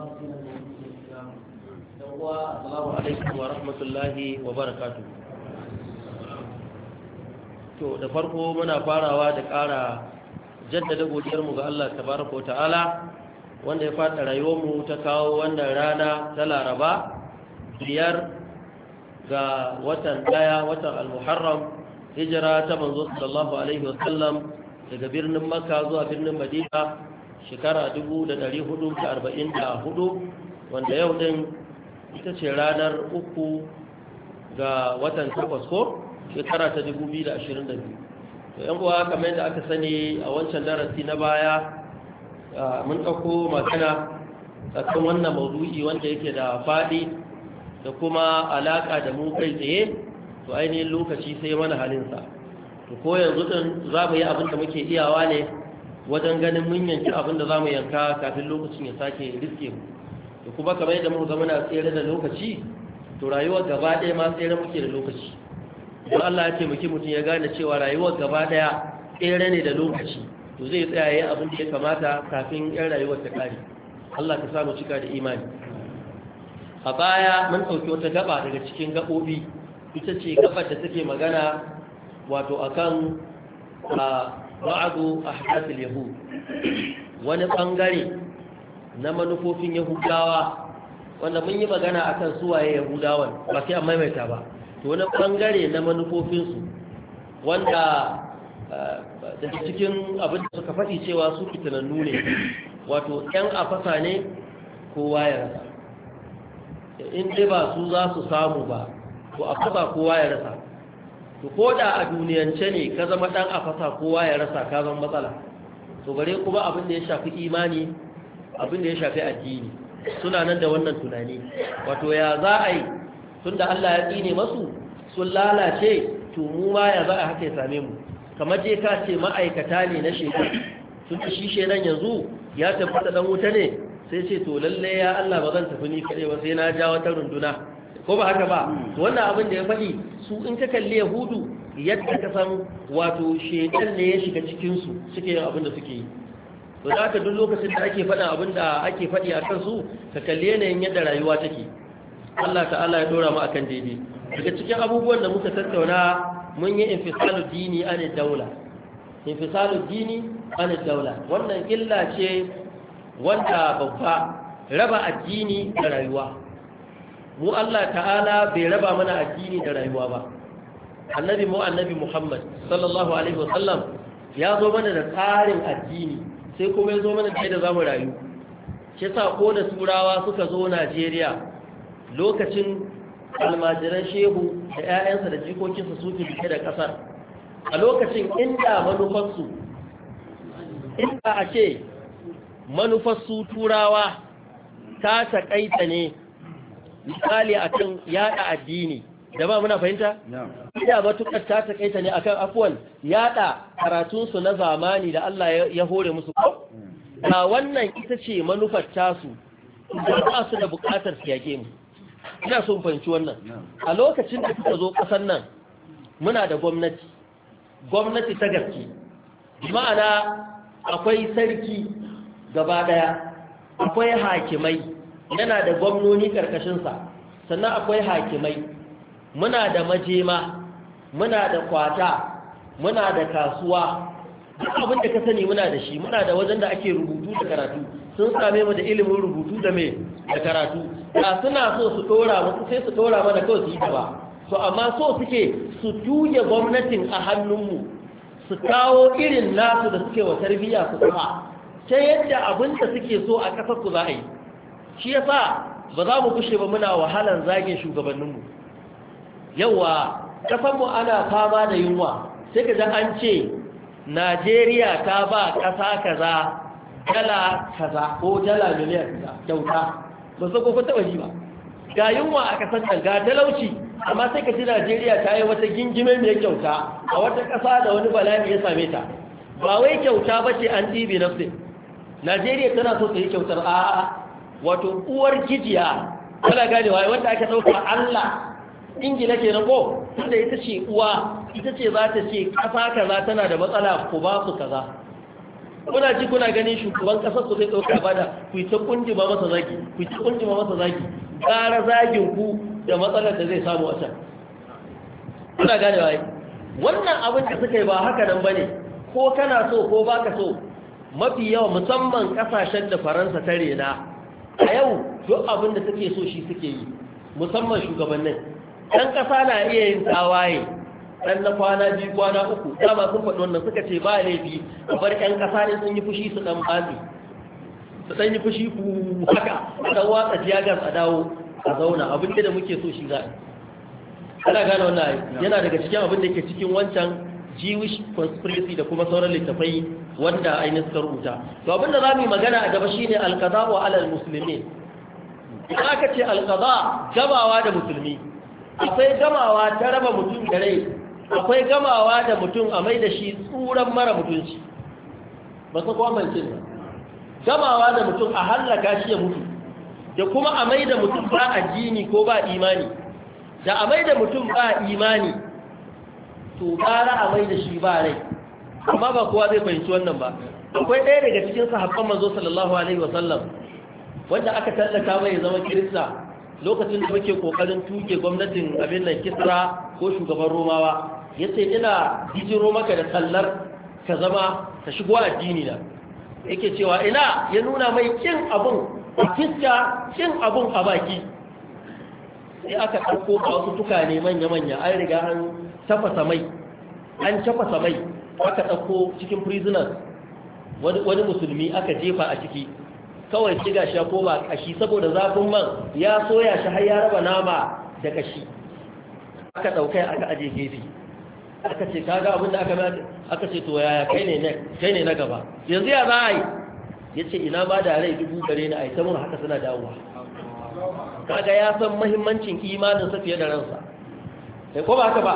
Assalamu alaikum wa wa barakatu. To da farko muna farawa da ƙara jaddada godiyarmu ga Allah tabaraka ta'ala wanda ya fada rayuwarmu ta kawo wannan rana ta Laraba biyar ga watan daya watan al-Muharram hijira ta manzo sallallahu alaihi daga birnin Makka zuwa birnin Madina shekara 1444 wanda yau din ita ce ranar uku ga watan takwas ko shekara ta 2022 to yan uwa kamar yadda aka sani a wancan darasi na baya mun ɗauko magana tsakan wannan maudu'i wanda yake da faɗi da kuma alaƙa da mu kai tsaye to ainihin lokaci sai mana halinsa to ko yanzu za mu yi abinda muke iyawa ne wajen ganin mun yanki abin da za mu yanka kafin lokacin ya sake riske mu da kuma kamar yadda muka zama na tsere da lokaci to rayuwar gaba ɗaya ma tsere muke da lokaci don Allah ya taimaki mutum ya gane cewa rayuwar gaba ɗaya tsere ne da lokaci to zai tsaya ya abin da ya kamata kafin yan rayuwar ta kare Allah ka samu cika da imani a baya mun ɗauki wata gaba daga cikin gaɓoɓi ita ce gabar da take magana wato akan a ba'adu ahdathul yahud wani bangare na manufofin yahudawa wanda mun yi magana a kan suwaye yahudawan ba sai an maimaita ba to wani bangare na manufofinsu wanda eh, da cikin abin da suka faɗi cewa su fitanannu ne wato ɗan afasa ne kowa ya rasa in dai ba su za su samu ba to afasa kowa ya rasa to ko da a duniyance ne ka zama dan afasa kowa ya rasa ka zama matsala to bare kuma abin da ya shafi imani abin da ya shafi addini suna nan da wannan tunani wato ya za a yi tunda Allah ya tsine masu sun lalace to mu ma ya za a haka ya same mu kamar je ka ce ma'aikata ne na shekaru Sun tun shishe nan yanzu ya tabbata ɗan wuta ne sai ce to lallai ya Allah ba zan tafi ni kare ba sai na ja wata runduna ko ba haka ba wannan abin da ya faɗi su in ka kalli yahudu yadda ka san wato shekar ne ya shiga cikinsu suke yin abin da suke yi to za ka duk lokacin da ake faɗa abin da ake faɗi a su ka kalli yanayin yadda rayuwa take Allah ta'ala ya dora mu akan daidai daga cikin abubuwan da muka tattauna mun yi infisalu dini an daula infisalu dini an daula wannan illa ce wanda babba raba addini da rayuwa mu Allah ta'ala bai raba mana addini da rayuwa ba annabi mu annabi Muhammad sallallahu alaihi wasallam ya zo mana da tsarin addini sai kuma ya zo mana da yadda zamu rayu shi yasa ko da turawa suka zo Najeriya lokacin almajiran shehu da 'ya'yansa da jikokinsa suke bike da ƙasar a lokacin inda manufarsu inda ake manufarsu turawa ta taƙaita ne misali akan yada addini da ba muna fahimta? Ina matuƙar ta taƙaita ne akan afuwan yaɗa karatunsu na zamani da Allah ya hore musu ko? ba hmm. wannan ita ce manufar tasu, da ba su da buƙatar siyage mu. Ina sun fahimci wannan. A lokacin da suka zo ƙasar nan, muna da gwamnati, gwamnati ta gaske. Ma'ana akwai sarki gaba ɗaya, akwai hakimai, yana da gwamnoni karkashinsa sannan akwai hakimai muna da majema muna da kwata muna da kasuwa duk abin da ka sani muna da shi muna da wajen da ake rubutu da karatu sun same mu da ilimin rubutu da mai da karatu da suna so su dora mu sai su dora mana kawai su yi gaba to amma so suke su tuye gwamnatin a hannunmu su kawo irin nasu da suke wa tarbiyya su kuma ta yadda abin da suke so a ƙasar ku za a yi shi ya sa ba za mu kushe ba muna wahalan zagin shugabanninmu yauwa kasanmu ana fama da yunwa sai ka an ce najeriya ta ba ƙasa kaza dala kaza ko dala miliyan kyauta ba su ko taba ji ba ga yunwa a ƙasar nan ga talauci amma sai ka ci najeriya ta yi wata gingime mai kyauta a wata ƙasa da wani bala'i ya same ta ba wai kyauta ba ce an ɗibi nafsin najeriya tana so ta yi kyautar a'a wato uwar gijiya kana gane wai wanda aka dauka Allah ingila ke na ko tunda ita ce uwa ita ce za ta ce kasa kaza tana da matsala ku ba su kaza kuna ji kuna ganin shugaban kasar ku zai dauka bada ku yi ta ba masa zagi ku yi ta ba masa zagi gara zagin ku da matsalar da zai samu a can kuna gane wai wannan abin da suka yi ba haka nan bane ko kana so ko baka so mafi yawa musamman kasashen da faransa ta rena a yau duk abin da suke so shi suke yi musamman shugabannin ɗan ƙasa na iya yin tawaye ɗan na kwana biyu kwana uku dama sun faɗi wannan suka ce ba laifi a bar ƴan ƙasa ne sun yi fushi su ɗan batsi su ɗan yi fushi ku haka a ɗan watsa jiyagas a dawo a zauna abin da muke so shi za a ana gane wannan yana daga cikin abin da ke cikin wancan jewish conspiracy da kuma sauran littafai wanda a yi niskar wuta. to abinda za mu yi magana a gaba shine alqada wa alal musulmi. idan aka ce alqada gamawa da musulmi akwai gamawa ta raba mutum da rai akwai gamawa da mutum a mai da shi tsuran mara mutunci ba su kwamancin ba gamawa da mutum a hallaka shi ya mutu da kuma a mai da mutum ba addini ko ba imani da a mai da mutum ba imani to gara a mai da shi ba rai amma ba kowa zai fahimci wannan ba akwai ɗaya daga cikin sahabban manzo sallallahu alaihi wasallam wanda aka tallata mai zama kirista lokacin da muke kokarin tuke gwamnatin abin nan kisra ko shugaban romawa ya yace ina hijiro maka da sallar ka zama ka shigo addini na yake cewa ina ya nuna mai kin abun a fiska kin abun a baki sai aka ɗauko a wasu tukane manya-manya an riga an tafasa mai an tafasa mai aka ɗauko cikin prisoners wani musulmi aka jefa a ciki kawai shiga gashi ya koma kashi saboda zafin man ya soya shi har ya raba nama da kashi aka ɗaukai aka aje gefe aka ce ga abinda aka mata aka ce to yaya kai ne na gaba yanzu ya za a yi ya ce ina ba da rai dubu gare ni a yi samun haka suna dawowa kaga ya san mahimmancin imanin sa fiye da ransa sai ko ba haka ba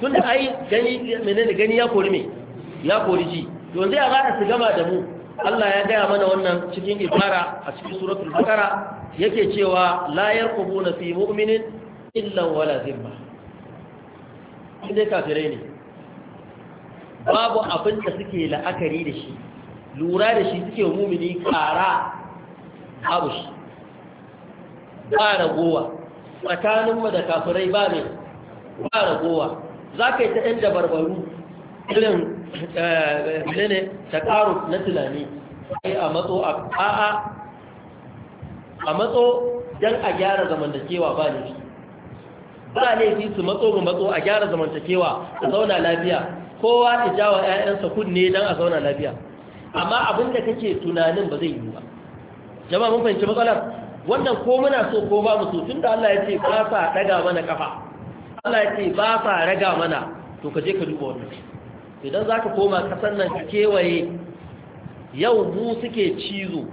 tun da ai gani menene gani ya kori me ya kori ji yanzu ya za su gama da mu Allah ya gaya mana wannan cikin ibara a cikin suratul bakara yake cewa la yarqubuna fi mu'minin illa wala zimma inda kafire ne babu abin da suke la'akari da shi lura da shi suke mumini kara babu shi ba ragowa mu da kafirai ba ne ba ragowa za ka yi ta ɗan barbaru irin Eh, ne ta karu na tunani a matso a a a matso don a gyara zamantakewa ba ne ba ne su matso mu matso a gyara zamantakewa a zauna lafiya kowa ta jawa 'ya'yansa kunne don a zauna lafiya amma abin da kake tunanin ba zai yi ba jama'a mun fahimci matsalar wannan ko muna so ko ba mu so tun da Allah ya ce ba sa daga mana kafa Allah ya ce ba sa raga mana to ka je ka duba wannan idan za ka koma ƙasar nan ka kewaye yau mu suke cizo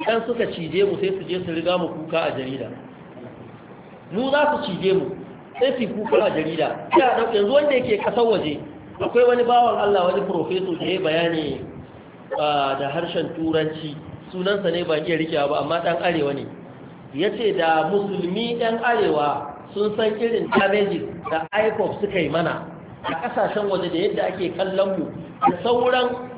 idan suka cije mu sai su je su riga mu kuka a jarida mu za su cije mu sai su kuka a jarida yanzu wanda yake kasan waje akwai wani bawan Allah wani profeso da ya bayani da harshen turanci sunansa ne ba iya rikewa ba amma dan arewa ne ya ce da musulmi dan arewa sun san irin damages da ipof suka yi mana a ƙasashen waje da yadda ake kallon mu da sauran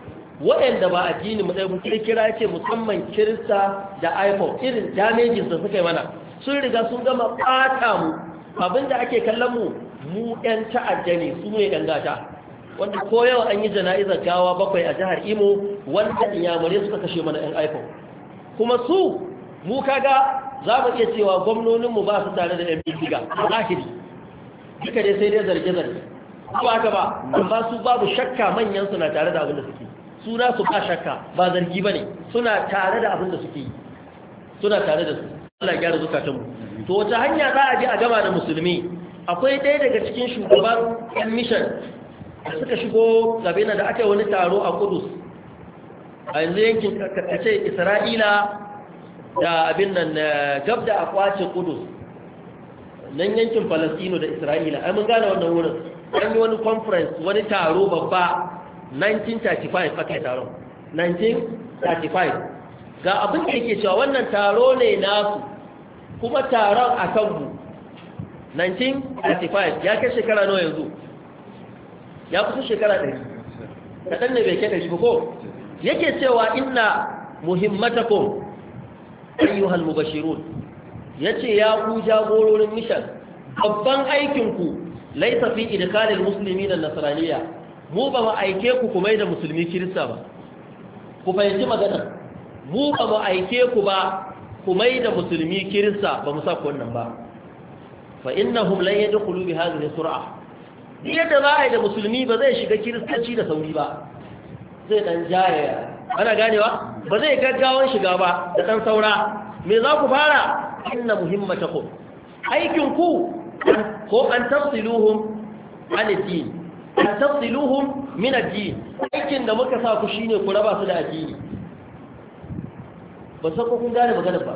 waɗanda ba a jini mu ɗaya kira ce musamman kirista da iphone irin damages da suka yi mana sun riga sun gama ɓata mu abin da ake kallon mu mu ɗan ta'adda ne su ne ɗan gata wanda ko yau an yi jana'izar gawa bakwai a jihar imo wanda inyamare suka kashe mana ɗan iphone kuma su mu kaga za mu iya cewa gwamnoninmu ba su tare da yan bindiga a ahiri duka dai sai dai zarge-zarge ba ka ba amma su babu shakka manyan suna tare da abin da suke suna su ba shakka ba zargi ba ne suna tare da abin da suke suna tare da su Allah gyara mu to wata hanya za a bi a gama da musulmi akwai ɗaya daga cikin shugaban yan mishan da suka shigo gabena da aka yi wani taro a kudus a yanzu yankin karkace isra'ila da abin nan eh, gab da a kwace kudus nan yankin falastino da isra'ila ai mun gane wannan wurin an yi wani conference wani taro babba 1935 kai taron 1935 ga abin da yake cewa wannan taro ne nasu kuma taron a kanmu 1935 ya kai shekara nawa yanzu ya kusa shekara ɗari kaɗan ne bai kai ɗari ko yake cewa inna muhimmatakum ayyuhal mubashirun yace ya ku jagororin mishan babban aikinku laisa fi idkalil muslimina an-nasraniyya mu ba mu aike ku kuma da musulmi kirista ba ku fahimci magana mu ba mu aike ku ba kuma da musulmi kirista ba mu sa ku wannan ba fa innahum lan yadkhulu bi hadhihi sur'a yadda za a yi da musulmi ba zai shiga kiristanci da sauri ba zai dan jayaya ana ganewa ba zai gaggawan shiga ba da dan saura me za ku fara inna muhimmatakum aikin ku ko an tafsiluhum an din an tafsiluhum min ad-din aikin da muka sa ku shine ku raba su da addini ba san ko kun gane magana ba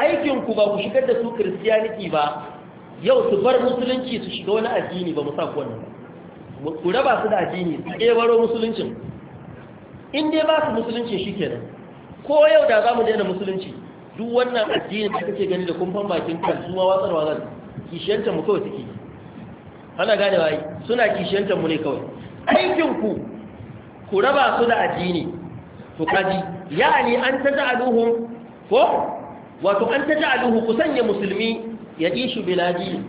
aikin ku ba ku shigar da su kristiyaniki ba yau su bar musulunci su shiga wani addini ba mu sa ku wannan ba ku raba su da addini su baro musuluncin in dai ba su musulunci shikenan ko yau da za mu daina musulunci duk wannan addini da kake gani da kumfan bakin kan su ma watsarwa zan kishiyantar mu kawai suke ana gane wayi suna kishiyantar mu ne kawai aikin ku ku raba su da addini to kaji yani an taj'aluhum ko wato an taj'aluhu ku sanya musulmi ya ishu bilaji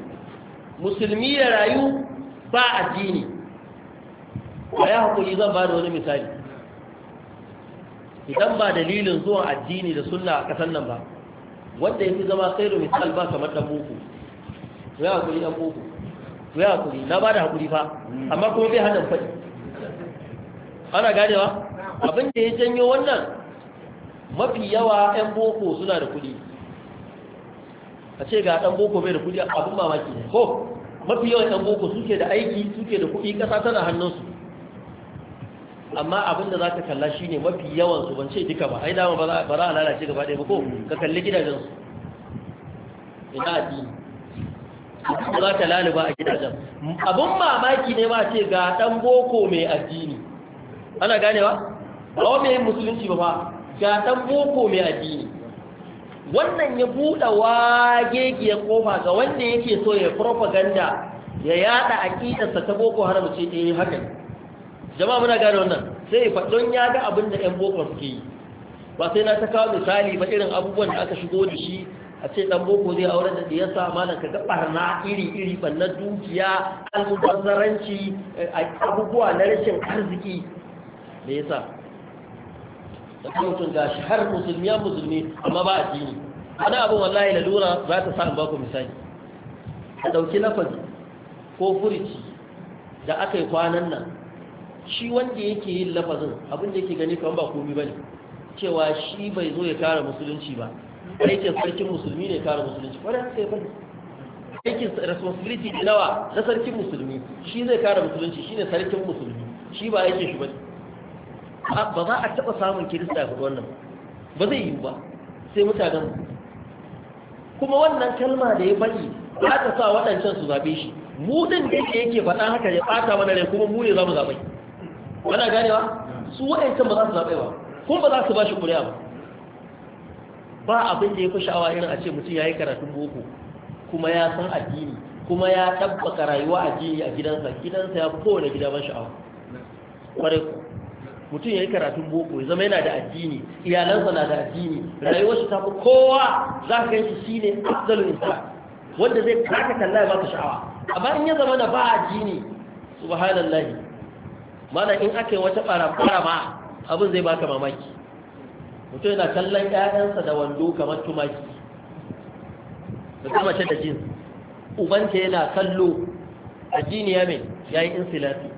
musulmi ya rayu ba addini ya hakuri zan ba da wani misali idan ba dalilin zuwan addini da sunna a kasan nan ba wanda ya fi zama khairu misal ba kamar dan boko ku yi hakuri ɗan boko ku yi hakuri na ba da hakuri fa amma kuma bai hannun faɗi ana ganewa abin da ya janyo wannan mafi yawa 'yan boko suna da kuɗi a ce ga ɗan boko bai da kuɗi abin mamaki ne ko mafi yawan 'yan boko suke da aiki suke da kuɗi ƙasa tana hannunsu amma abin da za ka kalla shi ne mafi yawan su ban ce duka ba ai dama ba za a lalace gaba ɗaya ba ko ka kalli gidajensu ina addini za ta laluba a gidajen abin mamaki ne ba ce ga ɗan boko mai addini ana ganewa ba wa mai musulunci ba ba ga ɗan boko mai addini wannan ya buɗe wagegiyar ƙofa ga wanda yake so ya propaganda ya yada a aƙidarsa ta boko haram ce ta yi haka jama'a muna gane wannan sai faɗin ya ga abin da 'yan boko suke yi ba sai na ta kawo misali ba irin abubuwan da aka shigo da shi a ce dan boko zai aure da diyarsa malam ka ga na iri iri bannan dukiya almubazzaranci eh, abubuwa na rashin arziki me yasa da mutum ga shi har musulmi ya musulmi amma ba a jini wani abin wallahi lura za ta sa ba ku misali ka ɗauki lafazi ko furici da aka yi kwanan nan shi wanda yake yin lafazin abin da yake gani kan ba komi ba ne cewa shi bai zo ya kare musulunci ba aikin sarkin musulmi ne kare musulunci wadda sai bane aikin responsibility da nawa na sarkin musulmi shi zai kare musulunci shi ne sarkin musulmi shi ba aikin shi bane ba za a taɓa samun kirista ga wannan ba zai yi ba sai mutanen kuma wannan kalma da ya bari ba ta sa waɗancan su zaɓe shi mu ɗin da yake yake faɗa haka ya ɓata mana rai kuma mu ne za mu zaɓe wana ganewa su waɗancan ba za su zaɓe ba kuma ba za su ba shi ƙuri'a ba ba abin da ya fi sha'awa irin a ce mutum ya yi karatun boko kuma ya san addini kuma ya ɗabbaka rayuwa addini a gidansa gidansa ya fi kowane gida ban sha'awa ƙwarai mutum ya yi karatun boko ya zama yana da addini iyalansa na da addini rayuwarsa ta fi kowa za ka yi shi ne afdalin isa wanda zai kaka kalla ya baka sha'awa amma in ya zama na ba addini subhanallah mana in aka yi wata fara abin zai baka mamaki mutum yana kallon ƴaƴansa da wando kamar tumaki da kuma ce da jin ubanta yana kallo addini ya mai yayi insulati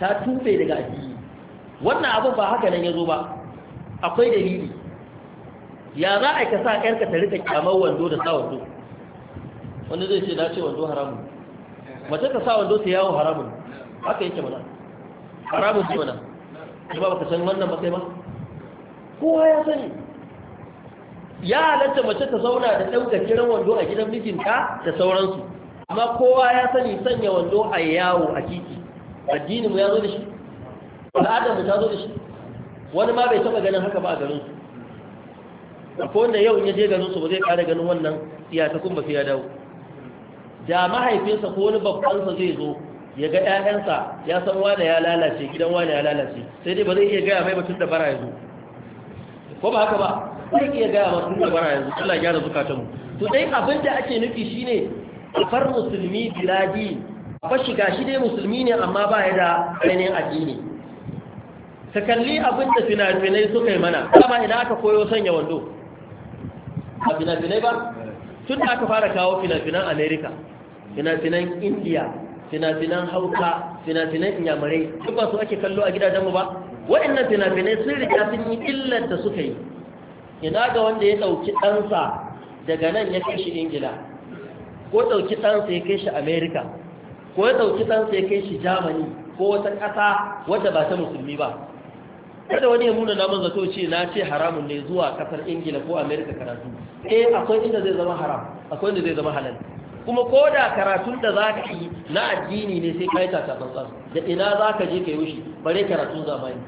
ta tube daga addini wannan abin ba haka nan ya zo ba akwai dalili ya za a ka sa ƴarka ta rika kyamar wando da sa wando wanda zai ce na ce wando haramun mace ta sa wando ta yawo haramun haka yake mana haramun ce mana ba ka san wannan ba sai ba kowa ya sani ya halatta mace ta zauna da ɗauka kiran wando a gidan mijinta da sauransu amma kowa ya sani sanya wando a yawo a titi addinin mu ya zo da shi al'adar mu ta zo da shi wani ma bai taba ganin haka ba a garin su akwai wanda yau in ya je garin su ba zai kare ganin wannan iyatakun ta sai ya dawo da mahaifinsa ko wani babbansa zai zo ya ga 'ya'yansa ya san wane ya lalace gidan wane ya lalace sai dai ba zai iya gaya mai batun da bara ya zo ko ba haka ba sai iya gaya masu da yanzu Allah gyara zukatanmu to dai abin da ake nufi shine far musulmi biladi ba shiga shi dai musulmi ne amma ba ya da ainihin addini ka kalli abin da finafinai suka yi mana kama idan aka koyo sanya wando a finafinai ba tun da aka fara kawo finafinan amerika finafinan indiya finafinan hauka finafinan inyamurai duk ba su ake kallo a gidajenmu ba waɗannan fina sun riga sun yi illar da suka yi ina ga wanda ya ɗauki ɗansa daga nan ya kai shi ingila ko ɗauki ɗansa ya kai shi amerika ko ya ɗauki ɗansa ya kai shi germany ko wata ƙasa wadda ba ta musulmi ba kada wani ya muna namun zato ce na ce haramun ne zuwa ƙasar ingila ko amerika karatu eh akwai inda zai zama haram akwai inda zai zama halal kuma ko da karatun da za ka yi na addini ne sai ka yi takatsantsan da ina za ka je ka yi wushi bare karatun zamani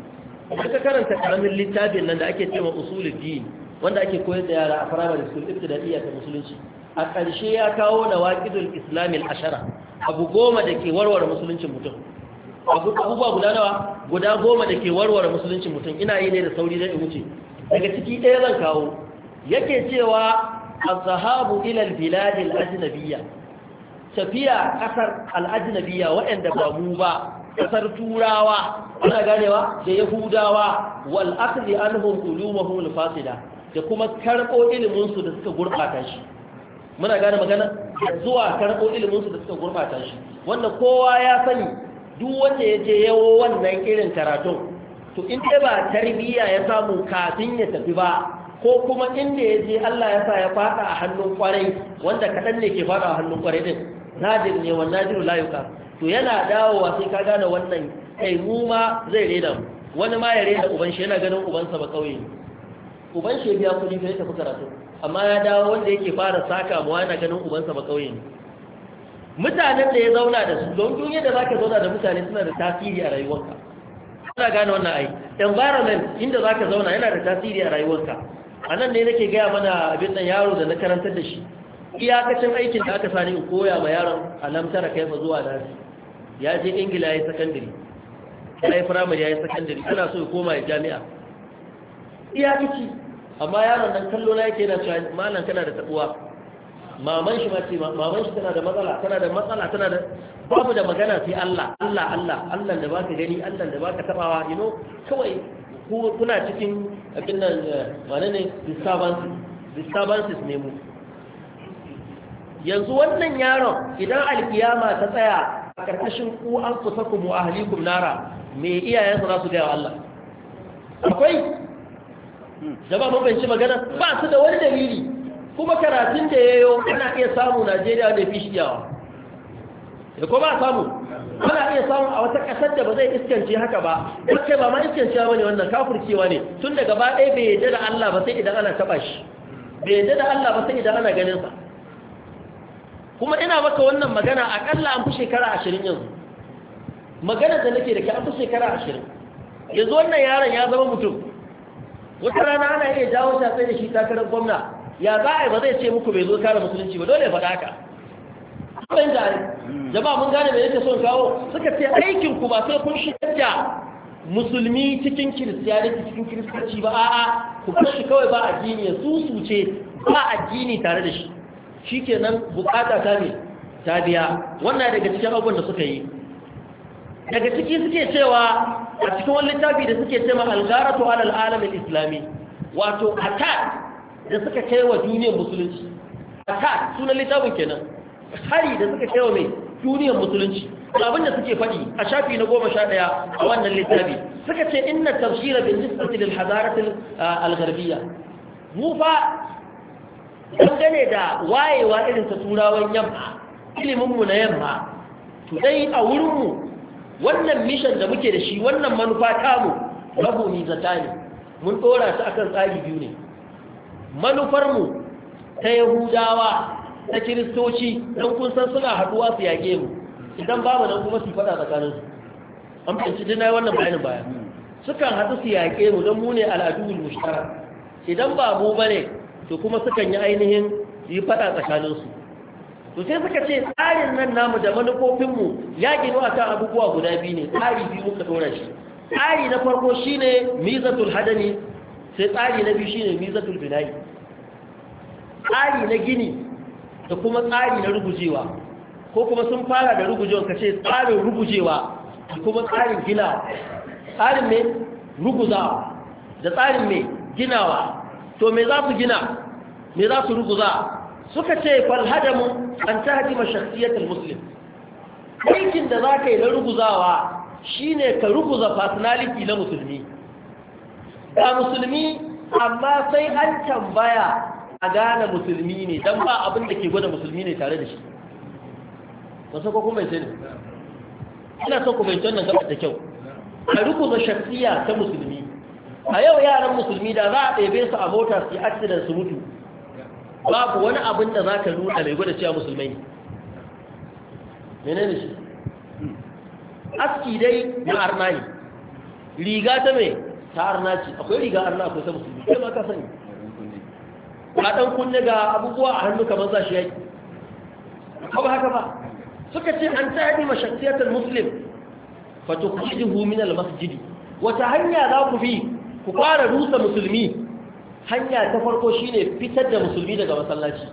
idan ka karanta karamin littafin nan da ake cewa usulul din wanda ake koyar da yara a primary school ibtidaiya ta musulunci a ƙarshe ya kawo da waqidul islamil ashara abu goma da ke warware musuluncin mutum abubuwa guda nawa guda goma da ke warware musuluncin mutum ina yi ne da sauri zai wuce daga ciki ɗaya zan kawo yake cewa azahabu ilal biladil ajnabiyya tafiya ƙasar al'ajnabiyya waɗanda ba mu ba kasar turawa ana ganewa da yahudawa wal akhdhi anhum qulubuhum fasida da kuma karɓo ilimin su da suka gurbata shi muna gane magana zuwa karɓo ilimin su da suka gurbata shi wanda kowa ya sani duk wanda ya je yawo wannan irin karatun to in dai ba tarbiyya ya samu kafin ya tafi ba ko kuma inda ya je Allah ya sa ya fada a hannun kwarai wanda kaɗan ne ke fada a hannun kwarai din nadir ne wa nadiru layuka to yana dawowa sai ka gane wannan kai mu ma zai reda mu wani ma ya reda uban shi yana ganin ubansa ba kauye uban shi biya kudi sai tafi karatu amma ya dawo wanda yake fara saka mu yana ganin ubansa ba kauye mutanen da ya zauna da su don duniya da zaka zauna da mutane suna da tasiri a rayuwarka kana gane wannan ai environment inda zaka zauna yana da tasiri a rayuwarka anan ne nake gaya mana abin nan yaro da na karantar da shi iyakacin aikin da aka sani koya ma yaron alamtara kai fa zuwa nasi ya je ingila ya yi sakandiri ya yi firamare ya yi sakandiri ana so ya koma ya jami'a iyakaci amma yaron nan kallo na yake yana cewa malam kana da tabuwa maman shi ma ce maman shi tana da matsala tana da matsala tana da babu da magana sai Allah Allah Allah Allah da baka gani Allah da baka tabawa you know kawai kuna cikin abin nan eh, wane ne disturbances disturbances ne mu yanzu wannan yaron idan alkiyama ta tsaya a ƙarƙashin ku an kusa ku mu ahlikum nara me iyayensa za su gaya wa Allah akwai ba mabanci magana ba su da wani dalili kuma karatun da yayo ana iya samu Najeriya da fishiyawa da ko ba samu ana iya samu a wata ƙasar da ba zai iskance haka ba kai ba ma iskancewa bane wannan kafircewa ne tun daga ba ɗaya bai yadda da Allah ba sai idan ana taɓa shi bai yadda da Allah ba sai idan ana ganin sa kuma ina maka wannan magana akalla an fi shekara ashirin yanzu magana da nake da ke an fi shekara ashirin yanzu wannan yaron ya zama mutum wata rana ana iya jawo shafai da shi takarar gwamna ya za a yi ba zai ce muku bai zo kare musulunci ba dole ya faɗa haka abin da jama'a mun gane mai yake son kawo suka ce aikin ku ba sai kun shigar musulmi cikin kiristiyaniki cikin kiristanci ba a'a ku kashi kawai ba addini ya su ce ba addini tare da shi shikenan bukata ta ne ta biya wannan daga cikin abubuwan da suka yi daga ciki suke cewa a cikin wani littafi da suke cewa algaratu alal alamin islami wato attack da suka kai wa duniyar musulunci attack sunan littafin kenan hari da suka kai wa mai duniyar musulunci abin da suke faɗi a shafi na goma sha ɗaya a wannan littafi suka ce inna tafshira bin nisbati lil hadaratil ah, algharbiyya mu fa dangane da wayewa irin ta turawan yamma iliminmu na yamma to dai a wurinmu wannan mishan da muke da shi wannan manufa tamu rabu ni zata ne mun ɗora su akan tsari biyu ne manufarmu ta yahudawa ta kiristoci don kun san suna haɗuwa su yage mu idan babu nan kuma su faɗa su, an fahimci dina wannan bayanin baya sukan haɗu su yaƙe mu don mu ne al'adun mushtara idan ba mu ba to kuma sukan yi ainihin yi fada tsakaninsu to sai suka ce tsarin nan namu da manufofinmu ya gino a kan abubuwa guda biyu ne tsari biyu muka dora shi tsari na farko shine mizatul hadani sai tsari na biyu shine mizatul binayi tsari na gini da kuma tsari na rugujewa ko kuma sun fara da rugujewa ka ce tsarin rugujewa da kuma tsarin gina tsarin mai ruguzawa da tsarin mai ginawa to me za su gina me za su ruguza suka ce falhadamu an hajima shakhsiyatul muslim aikin da za ka yi na ruguzawa shine ka ruguza personality na musulmi ga musulmi amma sai an tambaya a gane musulmi ne don ba abin da ke gwada musulmi ne tare da shi wasu ko kuma ita ne ina so kuma ita nan gaba kyau a rukuza shafiya ta musulmi a yau yaran musulmi da za a ɗebe su a mota su yi accident su mutu babu wani abin da za ka nuna mai gwada cewa musulmai menene shi aski dai na arna ne riga ta mai ta arna ce akwai riga arna akwai ta musulmi kai ma ka sani ka kunne ga abubuwa a hannu kamar za shi yaki ko ba haka ba suka ce an tsadi mashakkiyatul musulmi fa hu min al masjidi wata hanya za ku fi ku fara rusa musulmi hanya ta farko shine fitar da musulmi daga masallaci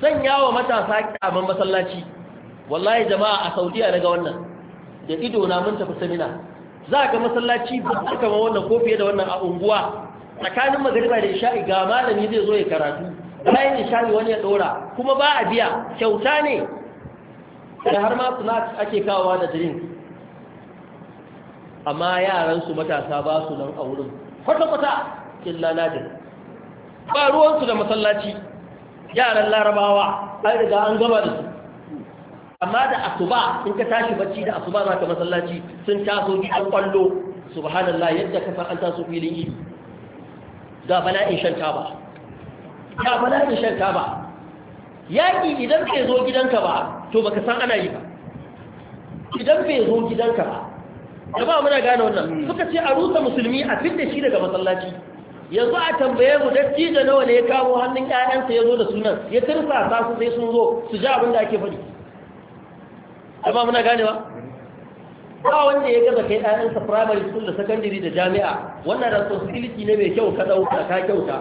sanya wa matasa kyaman masallaci wallahi jama'a a saudiya daga wannan da ido na mun tafi samina za ga masallaci ba kama wannan ko fiye da wannan a unguwa tsakanin magariba da isha'i ga malami zai zo ya karatu bayan isha'i wani ya dora kuma ba a biya kyauta ne da har ma suna ake kawowa da drink amma yaran su matasa ba su nan a wurin kwata-kwata killanajin ba ruwansu da masallaci yaran larabawa an riga an gaba da su amma da asuba in ka tashi bacci da asuba za ka masallaci sun taso gidan kwallo subhanallah yadda ka an taso filin yi ga bala'in shan taba ga bala'in shan taba yaƙi idan bai zo gidanka ba to baka san ana yi ba idan bai zo gidanka ba jama'a muna gane wannan suka ce a rusa musulmi a fit da shi daga masallaci yanzu a tambaye mu datti da nawa ne ya kawo hannun ƴaƴansa ya zo da sunan ya tursa sa su sai sun zo su ji abin da ake faɗi jama'a muna gane ba ba wanda ya gaza kai ƴaƴansa primary school da secondary da jami'a wannan responsibility ne mai kyau ka ɗauka ka kyauta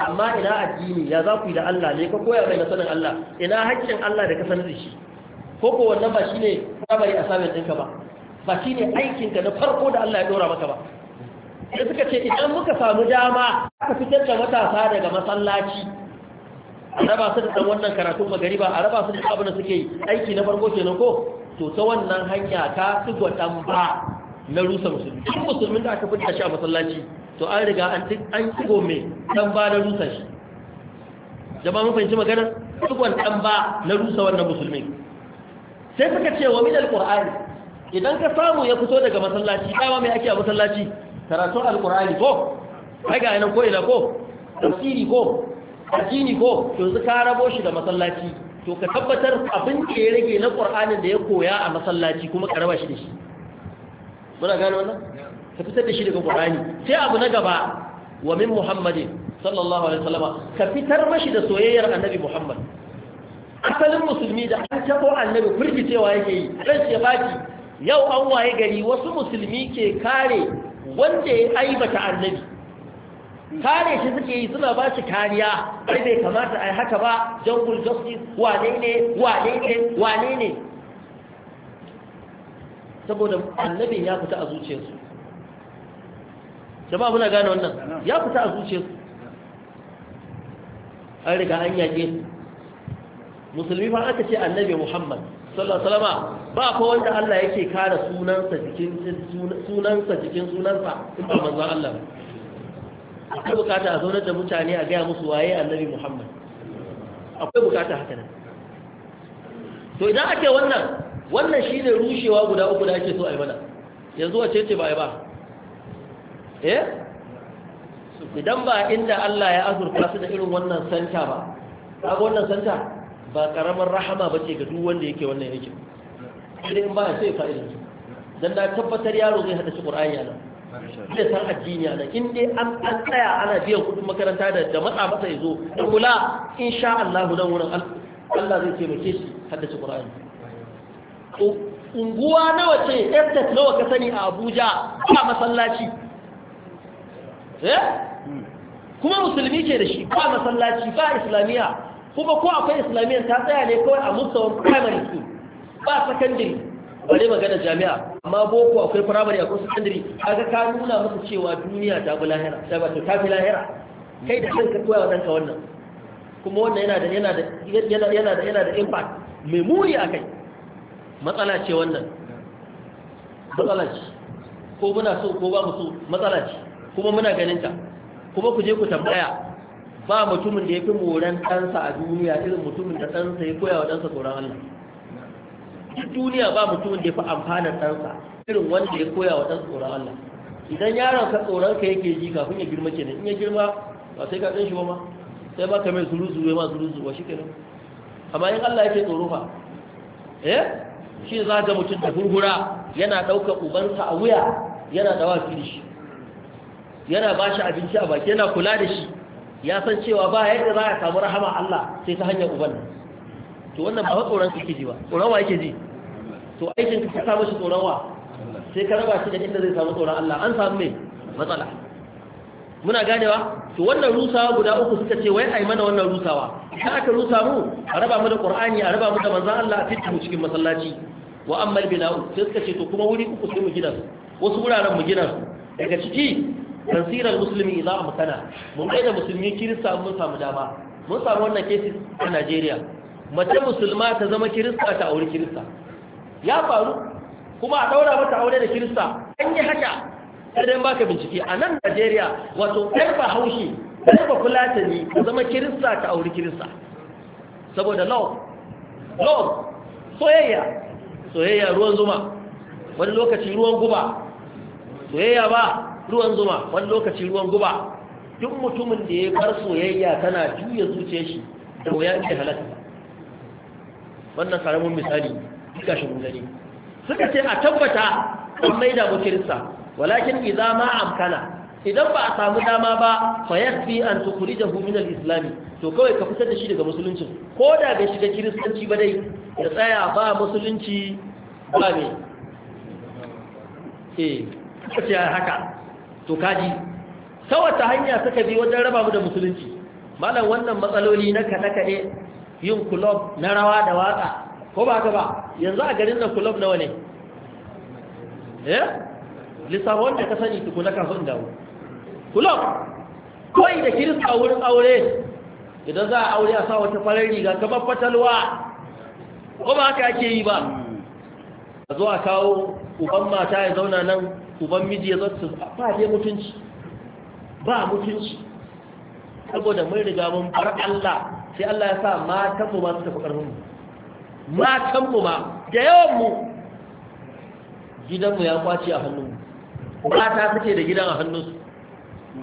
amma ina addini ya za ku yi da Allah ne ka koya mai sanin Allah ina haƙƙin Allah da ka sanar da shi ko ko wannan ba shine a assignment ɗinka ba ba shi ne aikinka na farko da Allah ya dora maka ba da suka ce idan muka samu dama aka fitar da matasa daga masallaci a raba su da wannan karatun magariba a raba su da abin da suke aiki na farko kenan ko to ta wannan hanya ta dan ba na rusa musulmi duk musulmin da aka fitar shi a masallaci to an riga an an tsigo me dan ba na rusa shi jama'a mun fahimci magana tsigwan dan ba na rusa wannan musulmin sai suka ce wa min alqur'ani idan ka samu ya fito daga masallaci dama mai ake a masallaci karatun alkurani ko daga yanar ko ina ko tafsiri ko addini ko yanzu ka rabo shi da masallaci to ka tabbatar abin da ya rage na ƙur'anin da ya koya a masallaci kuma ka raba shi da shi muna gano wannan ka fitar da shi daga ƙur'ani. sai abu na gaba wa min muhammadin sallallahu alaihi wasallam ka fitar mashi da soyayyar annabi muhammad asalin musulmi da an tabo annabi furgicewa yake yi ran shi baki yau an waye gari wasu musulmi ke kare wanda ya aibata annabi kare shi suke yi suna ba shi kariya ai bai kamata ai haka ba jungle justice wane ne wane ne wane ne saboda annabi ya fita a zuciyarsu jama'a muna gane wannan ya fita a zuciyarsu an riga an yage musulmi fa aka ce annabi muhammad sallallahu alaihi ba fa wanda Allah yake kare sunansa cikin sunansa cikin sunansa in ba manzo Allah akwai bukata a zaunar da mutane a gaya musu waye annabi Muhammad akwai bukata haka nan to idan ake wannan wannan shine rushewa guda uku da ake so a yi mana yanzu wace ce ba yi ba eh idan ba inda Allah ya azurta su da irin wannan santa ba ga wannan santa ba karamar rahama ba ce ga duk wanda yake wannan yake sai in ba ya sai fa'idar su dan na tabbatar yaro zai hada shi qur'ani ana da san addini ana in dai an an tsaya ana biyan kudin makaranta da da matsa masa yazo da kula insha Allah dan wurin Allah zai taimake shi hada shi qur'ani unguwa nawa ce estate nawa ka sani a Abuja ba masallaci eh kuma musulmi ce da shi ba masallaci ba islamiya kuma ko akwai islamiyyar ta tsaya ne kawai a musamman primary school ba secondary bare magana jami'a amma boko akwai primary akwai secondary kaga ka nuna musu cewa duniya ta bi lahira sai ba ta fi lahira kai da kanka koya wannan ka wannan kuma wannan yana da yana da yana yana da yana da impact mai muni akai matsala ce wannan matsala ce ko muna so ko ba mu so matsala ce kuma muna ganin ta kuma ku je ku tambaya ba mutumin da ya fi moran ɗansa a duniya irin mutumin da ɗansa ya koya wa ɗansa tsoron Allah duk duniya ba mutumin da ya fi amfanar ɗansa irin wanda ya koya wa ɗansa tsoron Allah idan yaron ka tsoron ka yake ji kafin ya girma kenan in ya girma ba sai ka ɗan shi ba ma sai ba ka mai zuru ya ma zuru-zuru. ba shi kenan amma in Allah yake tsoro fa eh shi za ga mutum da hurhura yana ɗaukar ubansa a wuya yana dawa fili shi yana ba shi abinci a baki yana kula da shi ya san cewa ba yadda za a samu rahama Allah sai ta hanyar uban to wannan ba tsoron ke ji ba tsoron wa yake ji to aikin ka samu shi tsoron wa sai ka raba shi da inda zai samu tsoron Allah an samu mai matsala muna ganewa to wannan rusawa guda uku suka ce wai ai mana wannan rusawa ka aka rusa mu a raba mu da Qur'ani a raba mu da manzon Allah a fitta mu cikin masallaci wa amma al-bina'u sai suka ce to kuma wuri uku sai mu gina su wasu wuraren mu gina su daga ciki tansirar musulmi za a kana mun kai da musulmi kirista mun samu dama mun samu wannan kesi a Najeriya mace musulma ta zama kirista ta auri kirista ya faru kuma a daura mata aure da kirista an yi haka sai baka bincike a nan Najeriya wato ɗan ba haushi ɗan ba fulatani ta zama kirista ta auri kirista saboda law law soyayya soyayya ruwan zuma wani lokaci ruwan guba soyayya ba ruwan zuma wani lokaci ruwan guba duk mutumin da ya bar soyayya tana juya zuciyar shi da wuya ke halatta wannan karamin misali duka shi mun suka ce a tabbata an mai da kirista walakin idza ma amkana idan ba a samu dama ba fa yasbi an tukhrijahu min al-islam to kawai ka fitar da shi daga musulunci ko da bai shiga kiristanci ba dai ya tsaya ba musulunci ba ne eh kace haka to kaji ta wata hanya suka bi wajen raba mu da musulunci malam wannan matsaloli na kaɗe-kaɗe yin kulob na rawa da waka ko ba ka ba yanzu a garin nan kulob na wane? eh lissafa wanda ka sani tuku na kafin dawo kulob kawai da kirista wurin aure idan za a aure a sa wata farar riga kamar fatalwa ko ba haka ake yi ba a zo a kawo uban mata ya zauna nan uban miji ya zarta ba dai mutunci ba mutunci saboda mun riga mun bar Allah sai Allah ya sa matan mu ma su tafi karfin mu matan mu ma da yawan mu gidan mu ya kwace a hannun mu mata suke da gidan a hannun su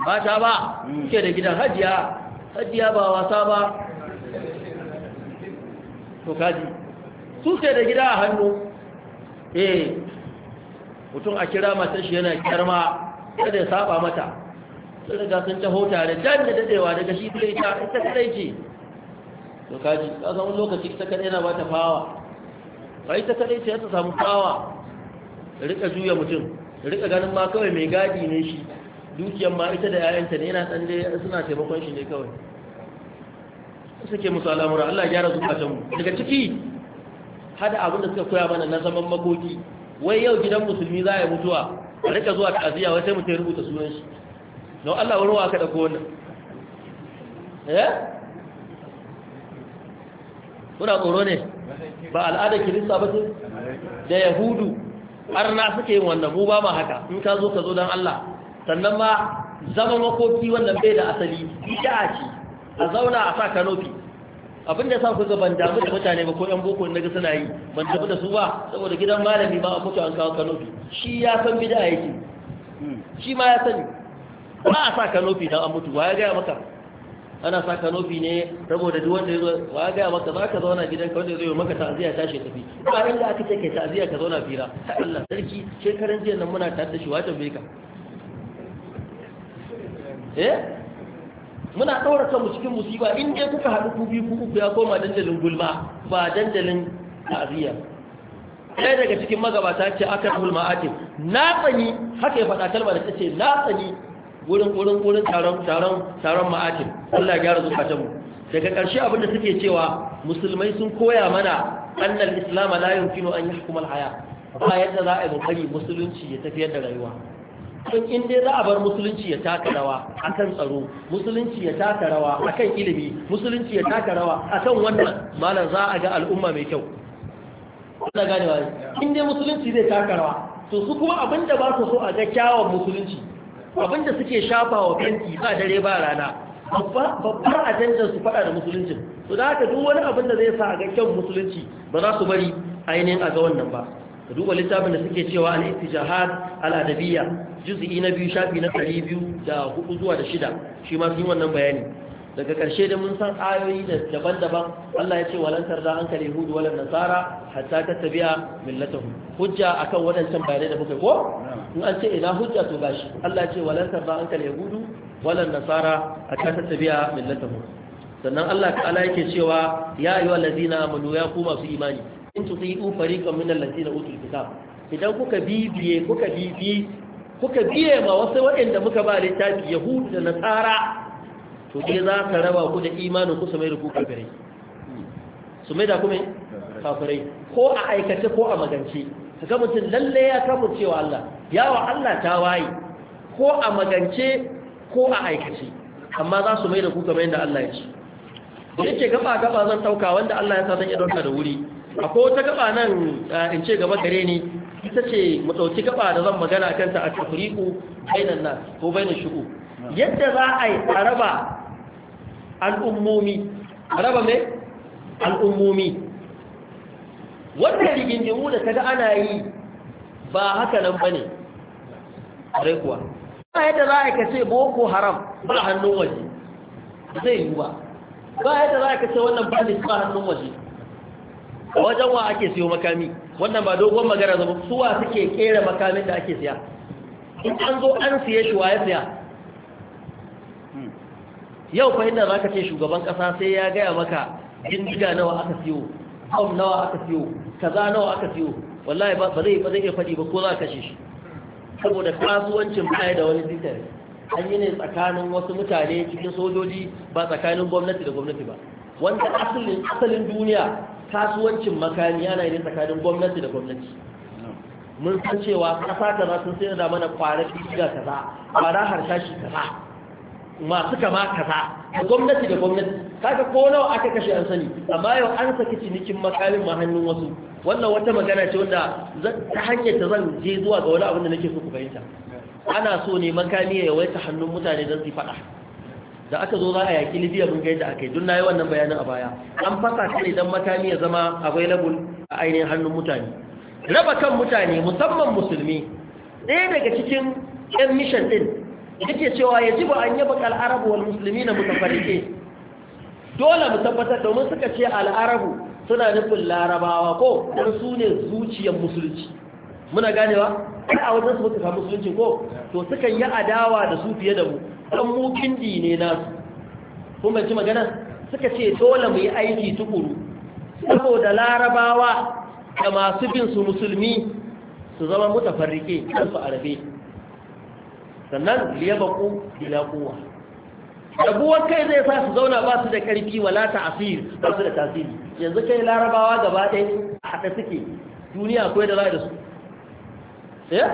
mata ba suke da gidan hajiya hajiya ba wasa ba to kaji su suke da gida a hannu eh mutum a kira mata shi yana kyarma kada ya saba mata sun riga sun taho tare jan da dadewa daga shi sai ta ita kadai ce to kaji ka san wani lokaci ita kadai yana bata fawa ba ita kadai ce ta samu fawa rika juya mutum rika ganin ma kawai mai gadi ne shi dukiyar ma ita da 'ya'yanta ne yana dan da suna taimakon shi ne kawai suke musu al'amura Allah ya gyara zukatanmu daga ciki hada abin da suka koya mana na zaman makoki wai yau gidan musulmi za a mutuwa a rika zuwa ta'aziyya wai sai mutum rubuta sunan shi don Allah wani wa da dauko wannan eh? kuna tsoro ne ba al'ada kirista ba su da yahudu arna suke yin wannan mu ba ma haka in ka zo ka zo don Allah sannan ma zama makoki wannan bai da asali bid'a ce a zauna a sa kanofi abin da sa ku ga ban damu da mutane ba ko yan boko na ga suna yi ban damu da su ba saboda gidan malami ba a mutu an kawo kanofi shi ya san bid'a yake shi ma ya sani ba a sa kanofi don an mutu wa ya gaya maka ana sa kanofi ne saboda duk wanda ya zo wa ya gaya maka za ka zauna gidan ka wanda ya zo maka ta'aziyya tashi tafi ba inda aka ce kai ta'aziyya ka zauna fira ta Allah sarki shekaran jiya nan muna tare da shi wa tambaye ka eh muna ɗaura kanmu cikin musiba in dai kuka haɗu ku biyu ku uku ya koma dandalin gulma ba dandalin ta'aziyya ɗaya daga cikin magabata ce aka gulma ake na tsani haka ya faɗa kalma da ta ce na tsani wurin wurin wurin taron taron taron ma'atin Allah gyara zukatan mu daga ƙarshe abin da suke cewa musulmai sun koya mana annal islam la yumkinu an yahkuma al-haya ba yadda za a yi musulunci ya tafiyar da rayuwa sun inda za a bar musulunci ya taka rawa a kan tsaro musulunci ya taka rawa a kan ilimi musulunci ya taka rawa a kan wannan malam za a ga al'umma mai kyau wanda gane wa inda musulunci zai taka rawa to su kuma abinda ba su so a ga kyawun musulunci abinda suke shafa wa fenti ba dare ba rana babbar ajandar su fada da musulunci to da haka duk wani abin da zai sa a ga kyawun musulunci ba za su bari ainihin a ga wannan ba ka duba littafin da suke cewa al-ittijahad al-adabiyya juz'i na biyu shafi na da 204 zuwa da shida shi ma sun wannan bayani daga karshe da mun san ayoyi da daban-daban Allah ya ce walan tarda an kale hudu walan nasara hatta ka tabi'a millatahu hujja akan wadancan bayanai da muka ko in an ce ina hujja to gashi Allah ya ce walan tarda an kale hudu walan nasara hatta ka tabi'a millatahu sannan Allah ta'ala yake cewa ya ayyuhallazina amanu ya ku masu imani in tuti'u fariqan min allazina utul kitab idan kuka bibiye kuka bibi kuka biye ma wasu waɗanda muka ba littafi yahudu da nasara to dai za ka raba ku da imanin ku su mai da kafirai su mai da ku kafirai ko a aikace ko a magance ka ga mutum lalle ya kafin cewa Allah yawa Allah ta waye ko a magance ko a aikace amma za su mai da ku kamar yadda Allah ya ce yake gaba gaba zan tauka wanda Allah ya sa zan iya dauka da wuri akwai wata gaba nan eh, in ce gaba gare ni ita ce matsauki gaba da zan magana kanta a tafriku bainan nan ko bainan shigo. yadda za a yi a raba al'ummomi a raba mai al'ummomi wannan rigingimu da ta ga ana yi ba haka nan ba ne rai kuwa ba yadda za a ka ce boko haram ba hannun waje zai yi ba ba yadda za a ka ce wannan ba ne ba hannun waje a wajen wa ake siyo makami wannan ba dogon magana zama suwa suke kera makamin da ake siya in an zo an siye shi wa ya siya yau fa inda za ka ce shugaban kasa sai ya gaya maka jindiga nawa aka siyo bom nawa aka siyo kaza nawa aka siyo wallahi ba zai ba zai iya faɗi ba ko za ka shi shi saboda kasuwancin baya da wani zitar an yi ne tsakanin wasu mutane cikin sojoji ba tsakanin gwamnati da gwamnati ba wanda asalin duniya kasuwancin makami ana yin tsakanin gwamnati da gwamnati mun san cewa kasa ta ba sun sayar da mana kwarar ga kaza kwarar harsashi kaza masu kama kaza da gwamnati da gwamnati kaga ko nawa aka kashe an sani amma yau an saki cinikin makamin ma hannun wasu wannan wata magana ce wanda ta hanyar ta zan je zuwa ga wani abin da nake so ku fahimta ana so ne makami ya yawaita hannun mutane don su faɗa da aka zo za a yaƙi libya mun ga yadda aka yi dun na yi wannan bayanin a baya an fasa ta ne don makami ya zama available a ainihin hannun mutane raba kan mutane musamman musulmi ɗaya daga cikin yan mishan ɗin da ke cewa ya ji ba an yaba al'arabu wal musulmi na mutafarike dole mu tabbatar domin suka ce al'arabu suna nufin larabawa ko don su ne zuciyar musulci muna ganewa a wajen su mutu samu musulunci ko to sukan yi adawa da su fiye da mu dan mu kindi ne nasu mai ci magana suka ce dole mu yi aiki tukuru saboda larabawa da masu bin su musulmi su zama mutafarrike kan su arabe sannan baku bila kowa rabuwar kai zai sa su zauna ba su da karfi wala asiri ba su da tasiri yanzu kai larabawa gaba ɗaya a haɗe suke duniya akwai da za da su eh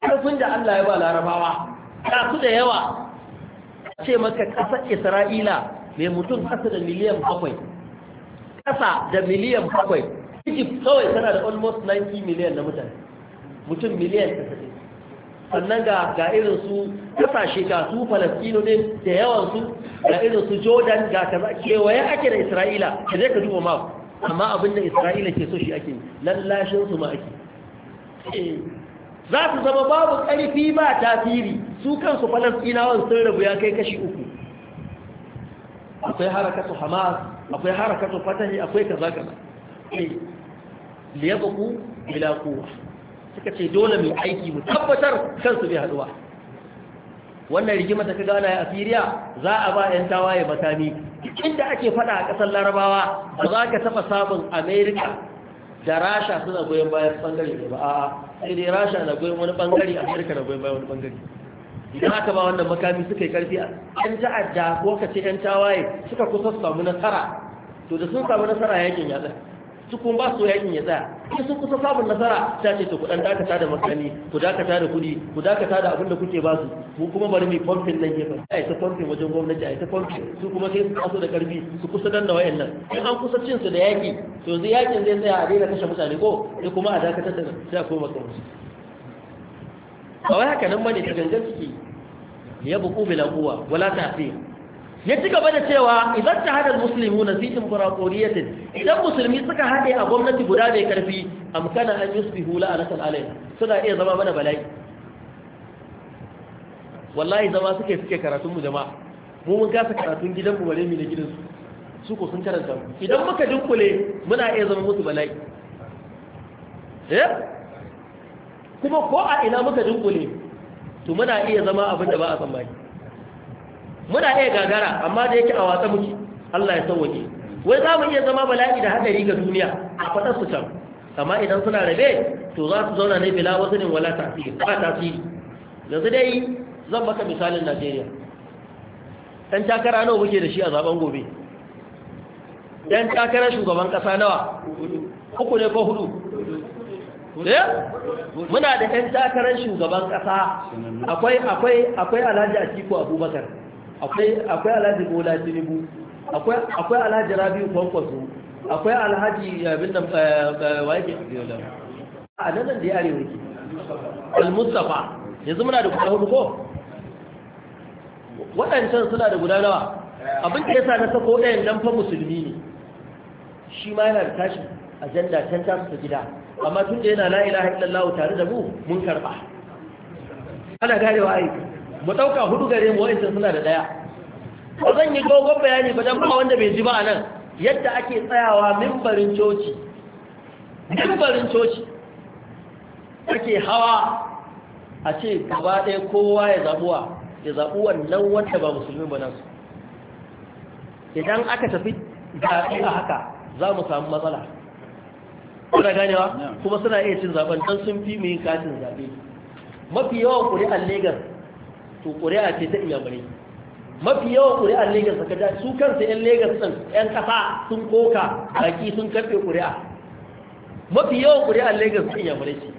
ƙarfin da Allah ya ba larabawa ta su da yawa ce maka ƙasar isra'ila mai mutum ƙasa da miliyan bakwai ƙasa da miliyan bakwai egypt kawai tana da almost 90 miliyan na mutane mutum miliyan tasiri sannan ga ga irin su kasashe ga su falastino ne da yawan su ga irin su jordan ga kaza kewaye ake da isra'ila ke zai ka duba ma amma abin da isra'ila ke so shi ake lallashin su ma ake za su zama babu ƙarfi ba tasiri su kansu falasɗinawan sun rabu ya kai kashi uku akwai harakatu hamas akwai harakatu fatahi akwai kaza kaza eh, liyabaku bila kowa suka ce dole mai aiki mu tabbatar kansu bai haduwa wannan rigima ta ka gana a siriya za a ba yan tawaye matami inda ake fada a ƙasar Larabawa ba za ka taba samun America da rasha suna goyon bayan bangare ne ba a'a sai dai rasha na goyon wani bangare amerika na goyon bayan wani bangare idan aka ba wannan makami suka yi karfi yan ta'adda ko ka ce yan tawaye suka kusa su samu nasara to da sun samu nasara yakin yatsa. tukun ba su yayin ya tsaya in sun kusa samun nasara ta ce ku dan dakata da makani ku dakata da kudi ku dakata da abin da kuke ba su mu kuma bari mu pumpin nan gefe ai ta pumpin wajen gwamnati ai ta pumpin su kuma sai su kaso da karfi su kusa dan da wayannan in an kusa cin su da yaki to zai yakin zai tsaya a daina kashe mutane ko sai kuma a dakatar da sai a koma kan su ba wai haka nan bane ta gangan ciki ya buku bila kuwa wala ta'sir ya ci gaba da cewa idan ta hada musulmi na fitin kurakuriyatin idan musulmi suka haɗe a gwamnati guda mai karfi amkana an yi su hula a nasar alai suna iya zama mana bala'i wallahi zama suke suke karatun mu jama'a mu mun kasa karatun gidanmu bare mu na gidansu su ko sun karanta mu idan muka dinkule muna iya zama musu bala'i eh kuma ko a ina muka dinkule to muna iya zama abin da ba a san baki muna iya gagara amma da yake a watsa muke Allah ya sauwaje wai za mu iya zama bala'i da hadari ga duniya a faɗar su can amma idan suna rabe to za su zauna ne bila wasu ne wala tasiri ba tasiri yanzu dai zan baka misalin Najeriya ɗan takara nawa muke da shi a zaben gobe ɗan takara shugaban ƙasa nawa uku ne ko hudu eh? muna da ɗan takarar shugaban ƙasa akwai akwai akwai alhaji atiku abubakar akwai alhaji bola tinubu akwai alhaji rabi kwankwaso akwai alhaji yabin da waje a nan da ya arewa ke al-mustafa yanzu muna da guda hudu ko waɗancan suna da guda nawa abin da ya sa na sako ɗayan dan fa musulmi ne shi ma yana da tashi ajanda can ta su gida amma tun da yana la ilaha illallah tare da mu mun karɓa ana wa aiki mu ɗauka hudu gare mu sun suna da ɗaya ba zan yi dogon bayani ba don ba wanda bai ji ba a nan yadda ake tsayawa mimbarin coci mimbarin coci ake hawa a ce gaba ɗaya kowa ya zaɓuwa ya zaɓi wannan wanda ba musulmi ba su. idan aka tafi zaɓi a haka za mu samu matsala kuna ganewa kuma suna iya cin zaɓen don sun fi mu yin katin zaɓe mafi yawan ƙuri'an Legas to ƙuri'a ce ta inyamurai mafi yawan ƙuri'ar Legas da da su kansu 'yan Legas ɗin 'yan ƙasa sun koka baki sun karfe ƙuri'a mafi yawan ƙuri'ar Legas ta inyamurai ce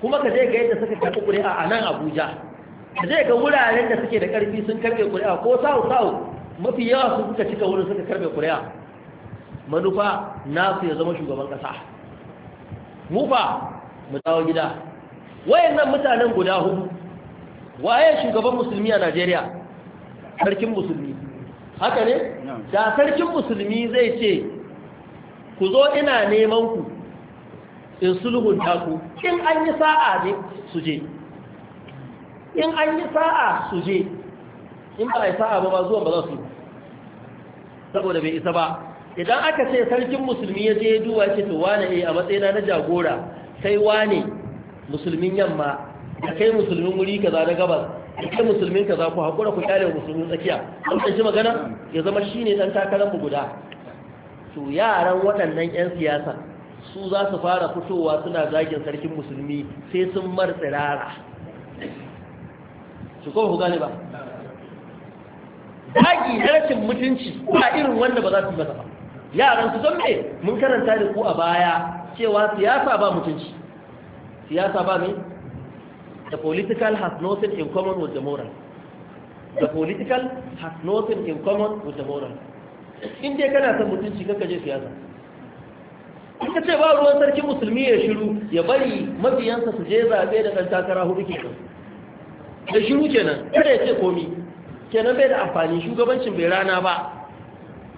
kuma ka zai ga yadda suka karɓi ƙuri'a a nan abuja ka zai ga wuraren da suke da ƙarfi sun karfe ƙuri'a ko sau sau mafi yawa su suka cika wurin suka karfe ƙuri'a manufa nasu ya zama shugaban ƙasa mu fa mu dawo gida wayannan mutanen guda hudu waye shugaban musulmi a Najeriya sarkin musulmi haka ne da sarkin musulmi zai ce ku zo ina neman ku in sulhunta ku in an yi sa'a ne su je in an yi sa'a su je in ba a yi sa'a ba ba zuwa ba za su saboda bai isa ba idan aka ce sarkin musulmi ya je duwa ce to wane eh, a matsayina na jagora sai wane musulmin yamma Ka kai musulmin wuri kaza na gabas ka kai musulmin kaza ku haƙura ku kyale musulmin tsakiya an tsanci magana ya zama shi ne ɗan takarar mu guda to yaran waɗannan 'yan siyasa su za su fara fitowa suna zagin sarkin musulmi sai sun mar tsirara su kuma ku gane ba zagi na rashin mutunci ba irin wanda ba za su yi masa ba yaran su don me mun karanta da ku a baya cewa siyasa ba mutunci siyasa ba ne the political has nothing in common with the moral the political has nothing in common with the moral in dai kana son mutunci kanka je siyasa in ka ce ba ruwan sarki musulmi ya shiru ya bari mabiyansa su je zaɓe da ɗan takara hudu kenan da shiru kenan kada ya ce komi kenan bai da amfani shugabancin bai rana ba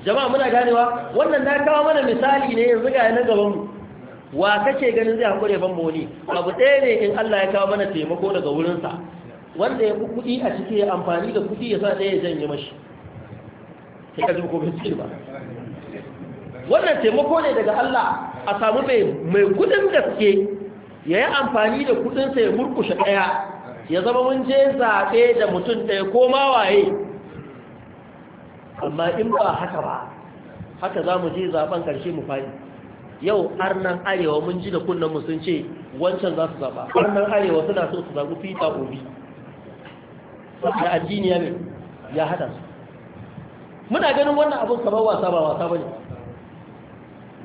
jama'a muna ganewa wannan na kawo mana misali ne yanzu ga na gabanmu wa kake ganin zai hakure ban moni abu ɗaya ne in Allah ya kawo mana taimako daga wurinsa wanda ya fi kuɗi a ciki ya amfani da kuɗi ya sa ɗaya ya janye mashi sai ka ji ko bai ci ba wannan taimako ne daga Allah a samu mai mai kuɗin gaske ya yi amfani da kuɗinsa ya murkushe ɗaya ya zama mun je zaɓe da mutum ɗaya ko ma waye amma in ba haka ba haka za mu je zaɓen ƙarshe mu fadi yau nan arewa mun ji da kunnen mu sun ce wancan za su zaba nan arewa suna so su zagu fita obi da addini ya ne ya hada su muna ganin wannan abin kamar wasa ba wasa ne.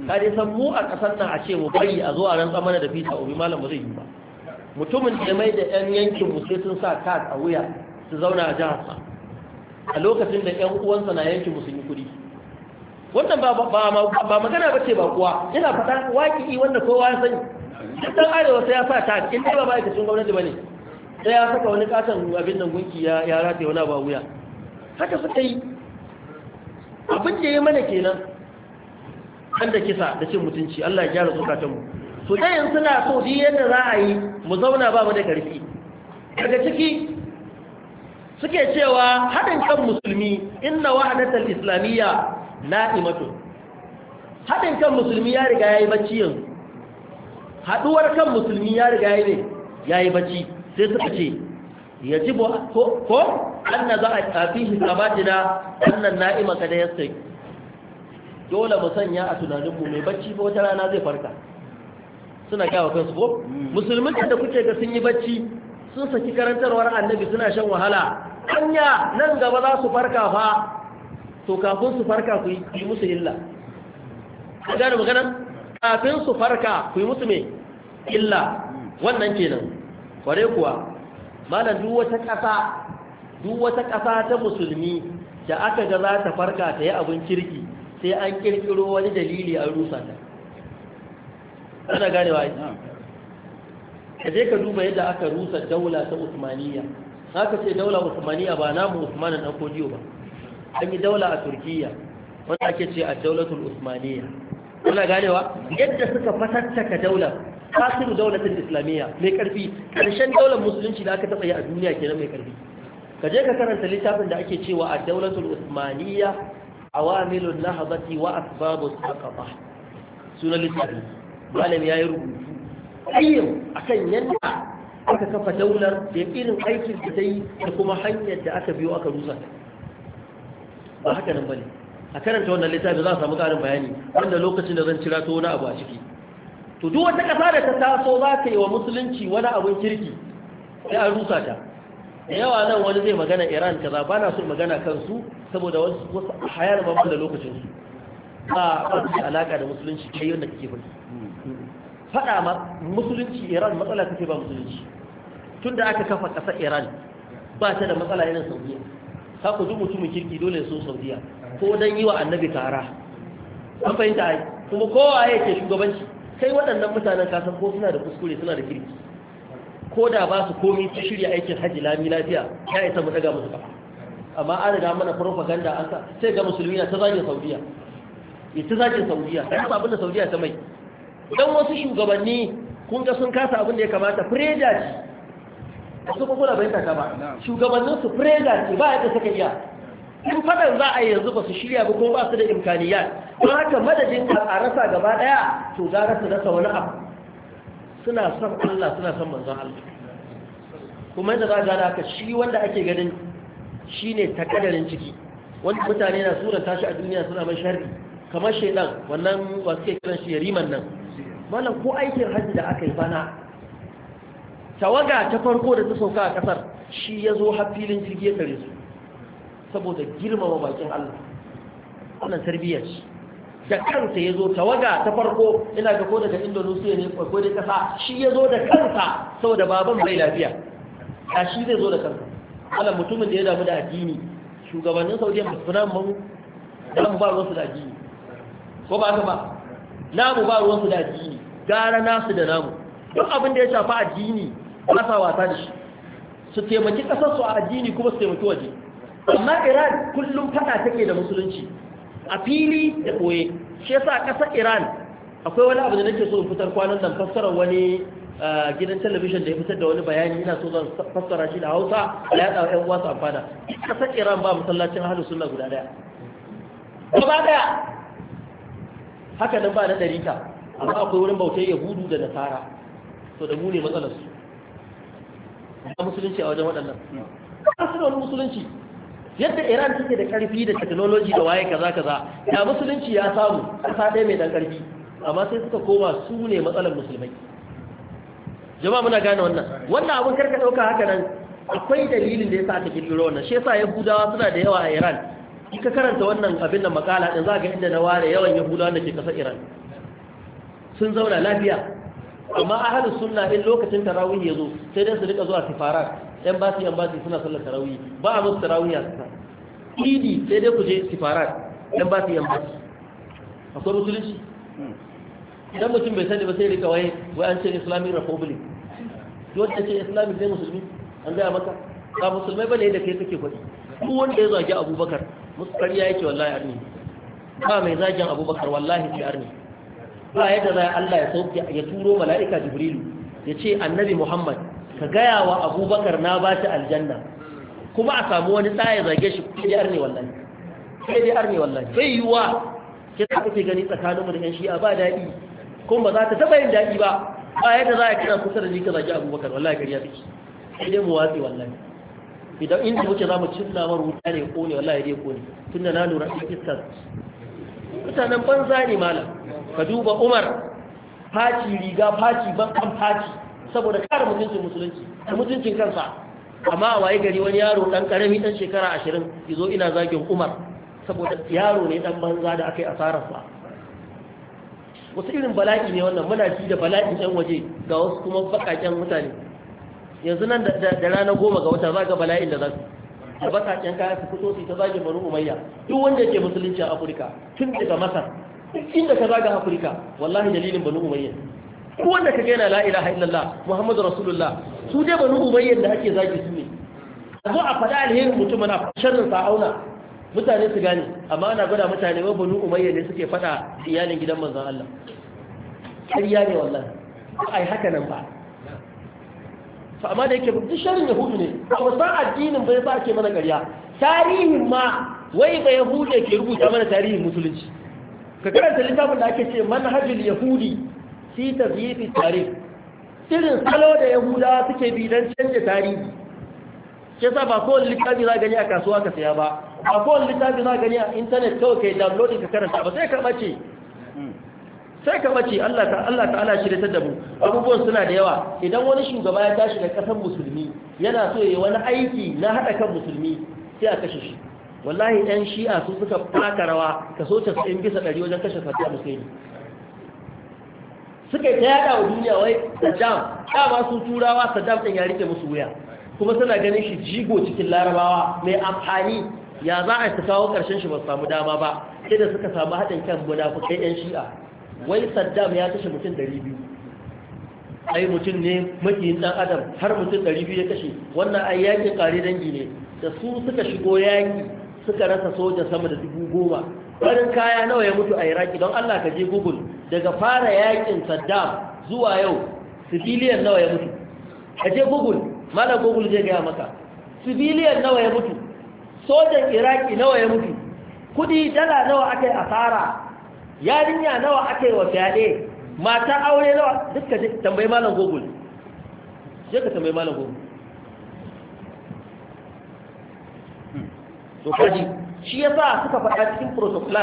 ka dai san mu a kasar nan a ce mu bari a zo a rantsa mana da fita obi malam ba zai yi ba mutumin da mai da yan yankin mu sai sun sa kad a wuya su zauna a jihar sa a lokacin da yan uwansa na yankin mu sun yi kudi wannan ba magana ba ce ba kuwa yana fata waƙiƙi wanda kowa ya sani duk dan arewa sai ya sa ta cikin dai ba ma'aikacin gwamnati ne sai ya saka wani katon abin nan gunki ya rataye wani ba wuya haka suka yi abin da ya mana kenan an da kisa da cin mutunci Allah ya gyara zukatanmu su ɗayan suna so di yadda za a yi mu zauna ba mu da daga ciki suke cewa haɗin kan musulmi inna wahadatul islamiyya Na'imatu, haɗin kan musulmi ya riga ya yi bacci yanzu haɗuwar kan musulmi ya riga ya ne ya yi bacci sai suka ce ya ji ko an na za a tafi hisabati na wannan na'ima ka da ya sai dole mu sanya a tunaninmu mai bacci ko wata rana zai farka suna gawa kansu ko musulmin da kuke ga sun yi bacci sun saki karantarwar annabi suna shan wahala hanya nan gaba za su farka fa to kafin su farka ku yi musu illa a gane magana kafin su farka ku yi musu mai illa wannan kenan kware kuwa malam duk wata ƙasa duk wata ƙasa ta musulmi da aka ga za ta farka ta yi abin kirki sai an kirkiro wani dalili a rusa ta ana gane yi ka je ka duba yadda aka rusa daula ta usmaniya ka ce daula usmaniya ba namu usmanin ɗan kodiyo ba an yi daula a Turkiyya, wanda ake ce a daulatul usmaniya kuna ganewa yadda suka fatattaka daular tasiru daulatul islamiyya mai karfi karshen daular musulunci da aka taɓa yi a duniya kenan mai karfi ka je ka karanta littafin da ake cewa a daulatul usmaniya awamilun lahabati wa asbabu saqata sunan littafin malam yayi rubutu ayyo akan yadda aka kafa daular da irin aikin da ta yi da kuma hanyar da aka biyo aka rusa ta ba haka nan bane a karanta wannan littafi za a samu ƙarin bayani wanda lokacin da zan cira to wani abu a ciki to duk wata ƙasa da ta taso za ta yi wa musulunci wani abin kirki sai an rusa ta da yawa nan wani zai magana iran kaza ba na so magana kansu saboda wasu hayar babban da lokacinsu ba a ci alaƙa da musulunci kai yadda kake faɗi faɗa ma musulunci iran matsala kake ba musulunci tun da aka kafa ƙasar iran ba ta da matsala irin saudiya Ka ku duk mutumin kirki dole so saudiya ko don yi wa annabi tara an fahimta ai kuma kowa yake shugabanci kai waɗannan mutanen kasan ko suna da kuskure suna da kirki ko da ba su komi ta shirya aikin hajji lami lafiya ya isa mu daga musu ba amma an riga mana propaganda an sa sai ga musulmi na ta zage saudiya ta zage saudiya ta yi abin da saudiya ta mai Don wasu shugabanni kun ga sun kasa abin da ya kamata preja ce a kuma kuna bayyanta ba shugabannin su preza ce ba suka iya in faɗan za a yanzu ba su shirya ba ko ba su da imkaniya don haka madadin a rasa gaba daya to za su rasa wani abu suna son Allah suna son manzon Allah kuma yadda za a gada haka shi wanda ake ganin shine takadarin ciki wanda mutane na sura tashi a duniya suna mai sharri kamar shaidan wannan wasu ke kiran shi yariman nan malam ko aikin hajji da aka yi bana tawaga ta farko da ta sauka a kasar shi ya zo har filin jirgi ya kare su saboda girmama bakin Allah wannan tarbiyya shi da kansa ya zo tawaga ta farko ina ga ko daga indonesia ne ko da kasa shi ya zo da kansa saboda baban mai lafiya a shi zai zo da kansa wala mutumin da ya damu da addini shugabannin saudiya ba su nan mu mu ba ruwan su da addini ko ba ka ba namu ba su da addini gara nasu da namu duk abin da ya shafa addini ba sa wasa da shi su taimaki ƙasarsu a addini kuma su taimaki waje amma iran kullum fada take da musulunci a fili da ɓoye shi yasa ƙasar iran akwai wani abu da nake so in fitar kwanan nan fassara wani gidan talabijin da ya fitar da wani bayani ina so zan fassara shi da hausa da ya ɗau ‘yan wasu amfana ƙasar iran ba masallacin hannu sunna guda ɗaya gaba ɗaya haka nan ba na ɗarika amma akwai wurin bautar yahudu da nasara to da mu ne matsalarsu a musulunci a wajen waɗannan su da wani musulunci yadda iran take da ƙarfi da teknoloji da waye kaza kaza ya musulunci ya samu ƙasa ɗaya mai ɗan ƙarfi amma sai suka koma su ne matsalar musulmai jama'a muna gane wannan wannan abin karka ɗauka haka nan akwai dalilin da ya sa ta ƙirƙiro wannan shi yasa yahudawa suna da yawa a iran in ka karanta wannan abin da makala ɗin za ga inda na ware yawan yahudawa da ke ƙasar iran sun zauna lafiya amma ahalin sunna in lokacin tarawih ya zo sai dai su rika zuwa sifarar yan basi yan su suna sallar tarawih ba a musu tarawih a idi sai dai ku je sifarar yan basi yan a akwai musulunci idan mutum bai sani ba sai rika waye wai an ce islamic republic yau da ce islamic ne musulmi an gaya maka ba musulmai bane da kai kake kwaɗi duk wanda ya zagi abubakar musu ƙarya yake wallahi arni ba mai zagin abubakar wallahi sai arni ba yadda za Allah ya sauke ya turo mala'ika jibrilu ya ce annabi muhammad ka gaya wa abubakar na ba shi aljanna kuma a samu wani tsaye zage shi kai ne wallahi kai dai arne wallahi sai yiwa ke ta kuke gani tsakaninmu da yan shi'a ba daɗi kuma ba za ta taɓa yin daɗi ba ba yadda za a kira kusa da jika zage abubakar wallahi kariya take sai dai mu watsi wallahi idan inda muke za mu cinna mar wuta ne kone wallahi dai kone tunda na lura iskar mutanen banza ne malam ka duba umar faci riga faci bankan faci saboda kare mutuncin musulunci da mutuncin kansa amma a waye gari wani yaro dan karami dan shekara ashirin yazo ina zagin umar saboda yaro ne dan banza da aka yi asararsa wasu irin bala'i ne wannan muna shi da bala'in yan waje ga wasu kuma bakaken mutane yanzu nan da rana goma ga wata zaga bala'in da za su da bakaken kaya su fito su ta zagin bari umayya duk wanda ke musulunci a afirka tun daga masar inda ka zaga afirka wallahi dalilin banu umayya ko wanda ka gaina la ilaha illallah muhammadu rasulullah su dai banu umayya da ake zagi su ne a zo a faɗa alherin mutum na sharrin sa auna mutane su gane amma ana gwada mutane wa banu umayya ne suke faɗa iyalin gidan manzon Allah ƙarya ne wallahi ba ai haka nan ba fa amma da yake duk sharrin yahudu ne A wasan addinin bai ba ke mana ƙarya tarihin ma wai ba yahudu ke rubuta mana tarihin musulunci ka karanta littafin da ake ce manhajul yahudi fi tazyifi tarikh irin salo da yahuda suke bi dan canje tarihi ke sa ba kowane littafi za gani a kasuwa ka saya ba ba kowane littafi za gani a intanet kawai kai download ka karanta ba sai ka bace sai ka bace Allah ta'ala shi da ta abubuwan suna da yawa idan wani shugaba ya tashi da kasan musulmi yana so ya yi wani aiki na haɗa kan musulmi sai a kashe shi wallahi ɗan shi'a su suka faka rawa ka kaso 90 bisa 100 wajen kashe fatiha musaini suka yi ta yada wa duniya wai saddam dama su turawa saddam ɗin ya rike musu wuya kuma suna ganin shi jigo cikin larabawa mai amfani ya za a kawo ƙarshen shi ba su samu dama ba sai da suka samu haɗin kan munafukai 'yan shi'a wai saddam ya kashe mutum ɗari biyu? ai mutum ne makiyin ɗan adam har mutum ɗari biyu ya kashe wannan ai yakin kare dangi ne da su suka shigo yaki suka rasa soja sama da dubu goma barin kaya nawa ya mutu a iraki don allah ka je google daga fara yakin saddam zuwa yau civilian nawa ya mutu ka je google mana google zai gaya maka civilian nawa ya mutu sojan iraki nawa ya mutu kudi dala nawa aka yi asara yarinya nawa aka yi wa fyaɗe mata aure nawa duk ka tambayi malam google je ka tambayi malam google to shi ya sa suka faɗa cikin protocol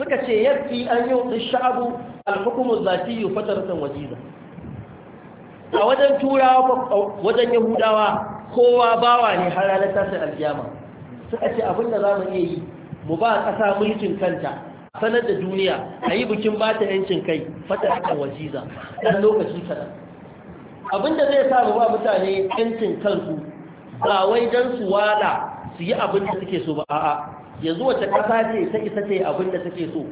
suka ce yadda an yi da sha'abu al-hukumu zati fataratan wajiza a wajen turawa wajen yahudawa kowa bawa ne har ranar tashin aljama suka ce abinda za mu iya yi mu ba a ƙasa mulkin kanta sanar da duniya a yi bikin ba ta yancin kai fata akan wajiza ɗan lokaci kaɗan abinda zai sa mu ba mutane yancin kansu ba wai don su wada su yi abin da suke so ba a'a yanzu wacce ƙasa ce ta isa ce abin da take so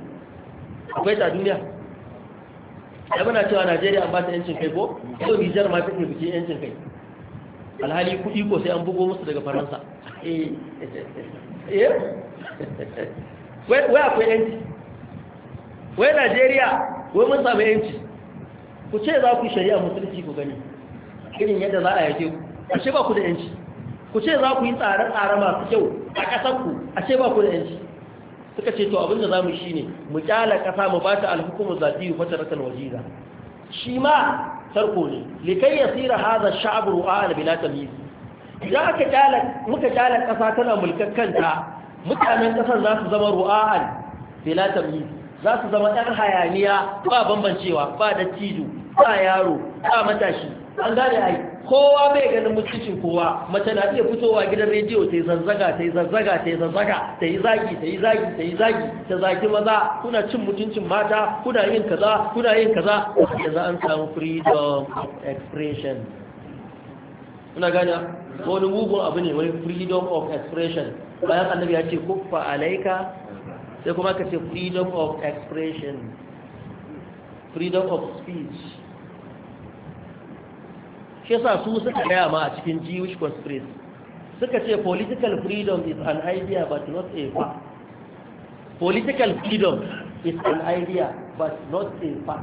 akwai ta duniya ya muna cewa najeriya an ba ta yancin kai ko yau nijar ma take bikin yancin kai alhali kuɗi ko sai an bugo musu daga faransa eh wai akwai yanci wai najeriya wai mun samu yanci ku ce za ku shari'a musulunci ku gani irin yadda za a yake ku ashe ba ku da yanci ku ce za ku yi tsare-tsare masu kyau a ƙasarku a ce ba ku da yanci suka ce to abinda za mu shi ne mu kyala ƙasa mu ba ta alhukumar zafi wata rakan wajira shi ma tarko ne likai ya tsira haza sha'abu ru'a albina mizi idan ka kyala muka kyala ƙasa tana mulkar kanta mutanen ƙasar za su zama ru'a'an bila mizi za su zama ɗan hayaniya ba bambancewa ba dattijo ba yaro ba matashi an gane ai kowa bai ganin mutuncin kowa mace na iya fitowa gidan rediyo ta yi zazzaga ta yi zanzaga ta yi zazzaga ta yi zagi ta yi zagi ta yi zagi ta zagi maza kuna cin mutuncin mata kuna yin kaza kuna yin kaza yanzu an samu freedom of expression kuna gane wani mugun abu ne wani freedom of expression bayan annabi ya ce kuffa alaika sai kuma ka ce freedom of expression freedom of speech shi yasa su suka gaya ma a cikin jewish conspiracy suka ce political freedom is an idea but not a fact political freedom is an idea but not a fact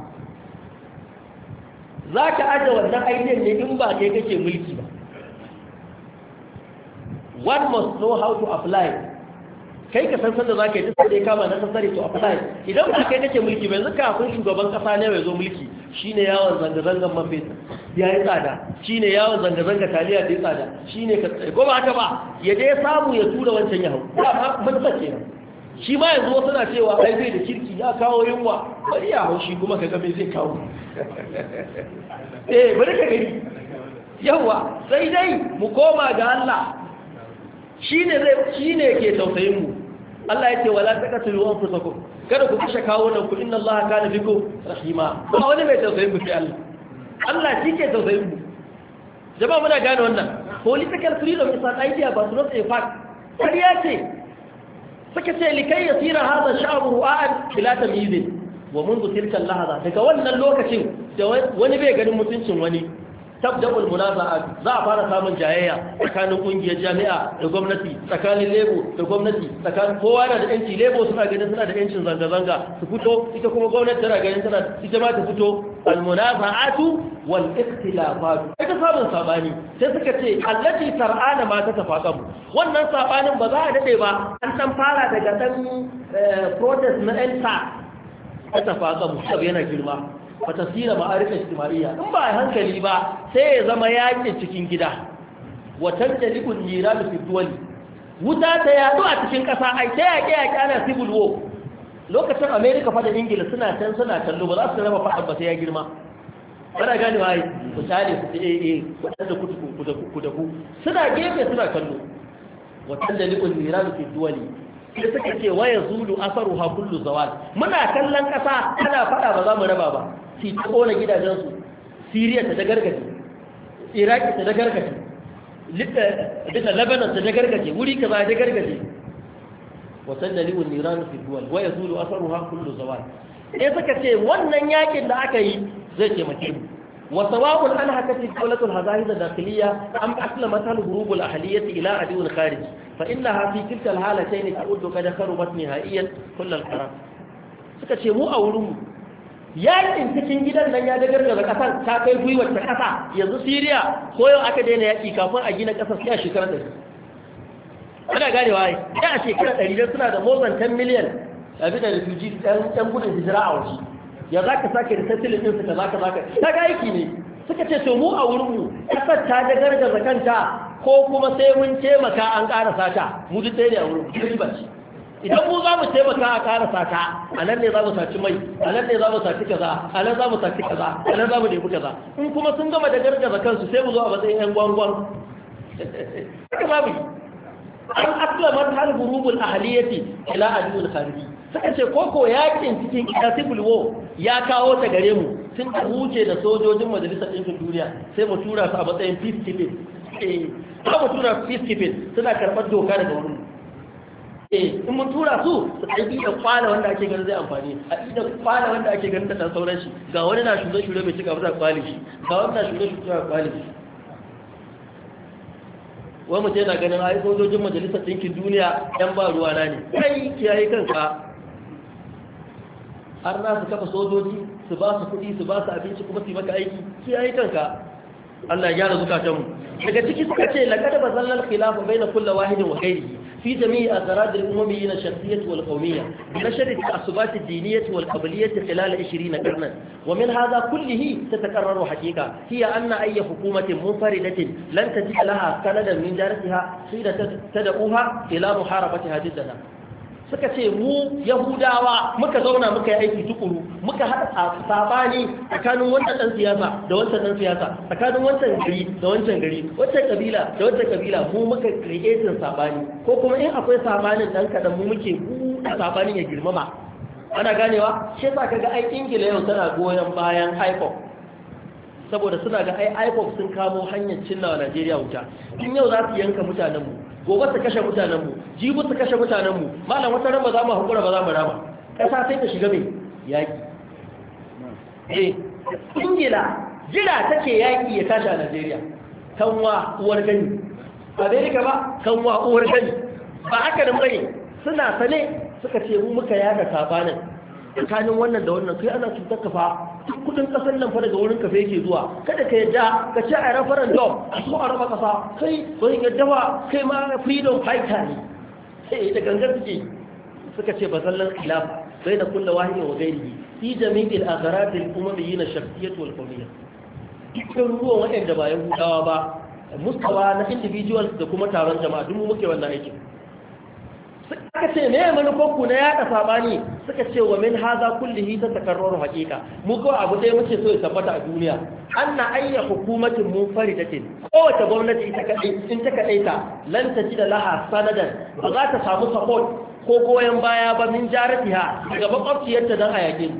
za ka aje wannan idea ne in ba kai kake mulki ba one must know how to apply kai ka san sanda za ka yi duk da ya kama na sassari to apply idan ba kai kake mulki ba yanzu kafin shugaban kasa ne ya zo mulki shine yawon zanga-zangan mafi ya yi tsada shine yawon zanga-zanga taliya da ya tsada shine ne tsaye ko ba ba ya dai samu ya tura wancan ya hau ke nan shi ma yanzu wasu na cewa ai zai da kirki ya kawo yunwa bari ya hau shi kuma kaga mai zai kawo eh bari ka gani yawa sai dai mu koma ga Allah shine zai ke tausayin mu Allah ya ce wala taqatulu anfusakum kada ku kashe kawo nan ku inna Allah kana bikum rahima Kuma wani mai tausayin ku sai Allah Allah shi ke tausayin ku jama'a muna gane wannan political freedom is an idea but not a fact ya ce suka ce likai ya tsira hada sha'abu ru'an bila tamyiz wa منذ تلك اللحظه daga wannan lokacin da wani bai ganin mutuncin wani tabda'ul munaza'at za a fara samun jayayya tsakanin kungiyar jami'a da gwamnati tsakanin lebo da gwamnati tsakanin kowa na da yanci lebo suna ganin suna da yancin zanga-zanga su fito ita kuma gwamnati tana ganin tana ita ma ta fito al munaza'atu wal ikhtilafat ita samun sabani sai suka ce allati sar'ana ma ta tafaqam wannan sabanin ba za a dade ba an dan fara daga dan eh, protest na elsa ta tafaqam sabu yana girma ba a sira istimariya in ba hankali ba sai ya zama yaƙi cikin gida watan jalikun nira da fitwali wuta ta yaɗu a cikin ƙasa ai ta yaƙe a ana civil war lokacin america fa da ingila suna can suna kallo ba za su raba fa'ad ba sai ya girma bana gane ba yi ku tare su ce eh wadanda eh, ku ku da ku da ku suna gefe suna kallo watan jalikun nira da fitwali da suka ce waya zulu asaruha kullu zawal muna kallon ƙasa ana faɗa ba za mu raba ba su ta ƙona gidajensu siriya ta dagargaje iraki ta dagargaje bisa lebanon ta dagargaje wuri ka ba dagargaje wasan dalilin niranu fi duwal wa ya zulu asaru ha kullu zawar ɗaya suka ce wannan yakin da aka yi zai taimake mu وسواء أنهكت الدولة الهزائز الداخلية أم أسلمتها الهروب الأهلية إلى عدو خارجي فإنها في تلك الحالتين تعود قد خربت نهائيا كل القرار suka ce mu a wurinmu yakin cikin gidan nan ya dagar daga kasar ta kai gwiwar ta kasa yanzu Siriya ko yau aka daina yaƙi kafin a gina kasar sai a shekarar ɗari ana gane ai ya a shekarar ɗari don suna da more than 10 million abin da refugee ɗan gudun hijira a waje ya za ka sake da tattalin ɗinsu ka za ka za ka ta ga aiki ne suka ce to mu a wurinmu ƙasar ta dagar daga kanta ko kuma sai mun taimaka an ƙara sata mu duk ɗaya ne a wurin riba ce idan mu za mu taimaka a ƙara sata a nan ne za mu saci mai a nan ne za mu saci kaza a nan za mu saci kaza a nan za mu nemi kaza in kuma sun gama da gargaza kansu sai mu zo a matsayin yan gwangwan haka za mu yi an man har gurubul ahaliyati ila adiyul khariji suka ce koko yakin cikin ita civil war ya kawo ta gare mu sun ka huce da sojojin majalisar ɗinkin duniya sai mu tura su a matsayin Peace eh za mu tura Peace keeping suna karɓar doka daga wurin Eh, in mun tura su su aiki da kwala wanda ake ganin zai amfani a ɗi da wanda ake ganin da ɗan sauran shi ga wani na shure shure mai cika ba kwali shi ga wani na shure shure mai kwali shi wani mutum yana ganin ai sojojin majalisar ɗinkin duniya 'yan ba ruwa na ne kai kiyaye kanka har na su kafa sojoji su ba su kuɗi su ba su abinci kuma su yi maka aiki kiyaye kanka Allah ya gyara mu daga ciki suka ce laqad bazallal khilafu baina kulli wahidin wa ghayrihi fi jami'i asrad al-ummi na shakhsiyyah wal qawmiyyah bi nashri ta'assubat ad-diniyyah wal qabliyyah khilal 20 qarnan wa min hadha kullihi tatakarraru haqiqa hiya anna ay hukumatin munfaridatin lan tajid laha sanadan min jaratiha sida tad'uha ila muharabati hadithana suka ce mu yahudawa muka zauna muka yi aiki tukuru muka haɗa sabani tsakanin wannan ɗan siyasa da wancan ɗan siyasa tsakanin wancan gari da wancan gari wancan kabila da wancan kabila mu muka creating sabani ko kuma in akwai sabanin ɗan kaɗan mu muke buɗe sabanin ya girmama ana ganewa shi yasa kaga ai ingila yau tana goyon bayan ipop saboda suna ga ai ipop sun kamo hanyar cinna wa najeriya wuta in yau za su yanka mutanenmu gobe su kashe mutanenmu Jibu su kashe mutanenmu malam wata ba za mu haƙura ba za mu rama ƙasa sai ta shiga mai yaƙi eh ingila jira take yaƙi ya tashi a najeriya kanwa uwar gani amerika ba kanwa uwar gani ba haka da bane suna sane suka ce mu muka yaka sabanin tsakanin wannan da wannan kai ana cutar kafa kudin kasar nan fa daga wurin kafe yake zuwa kada ka yadda ka ce a referendum a so a raba kasa kai wani yadda ba kai ma freedom fighter ne sai da gangar suke suka ce bazallan khilaf bai da kulla wahiyar wa gairi fi jami'il agharatil umamiyyin shakhsiyyat wal qawmiyya dukkan ruwan waɗanda ba yahudawa ba mustawa na individuals da kuma taron jama'a duk muke wannan aikin Suka ce ne manufanku na yaɗa sabani suka ce wa min haza kullihi ta takarrarun hakika mu kawai abu ɗaya muke so ya tabbata a duniya anna ayya hukumatin munfaridatin kowace gwamnati ita kaɗai in ta kaɗai ta lan ta ji da laha sanadan ba za ta samu support ko goyon baya ba min jaratiha daga makwabciyarta don a yaƙi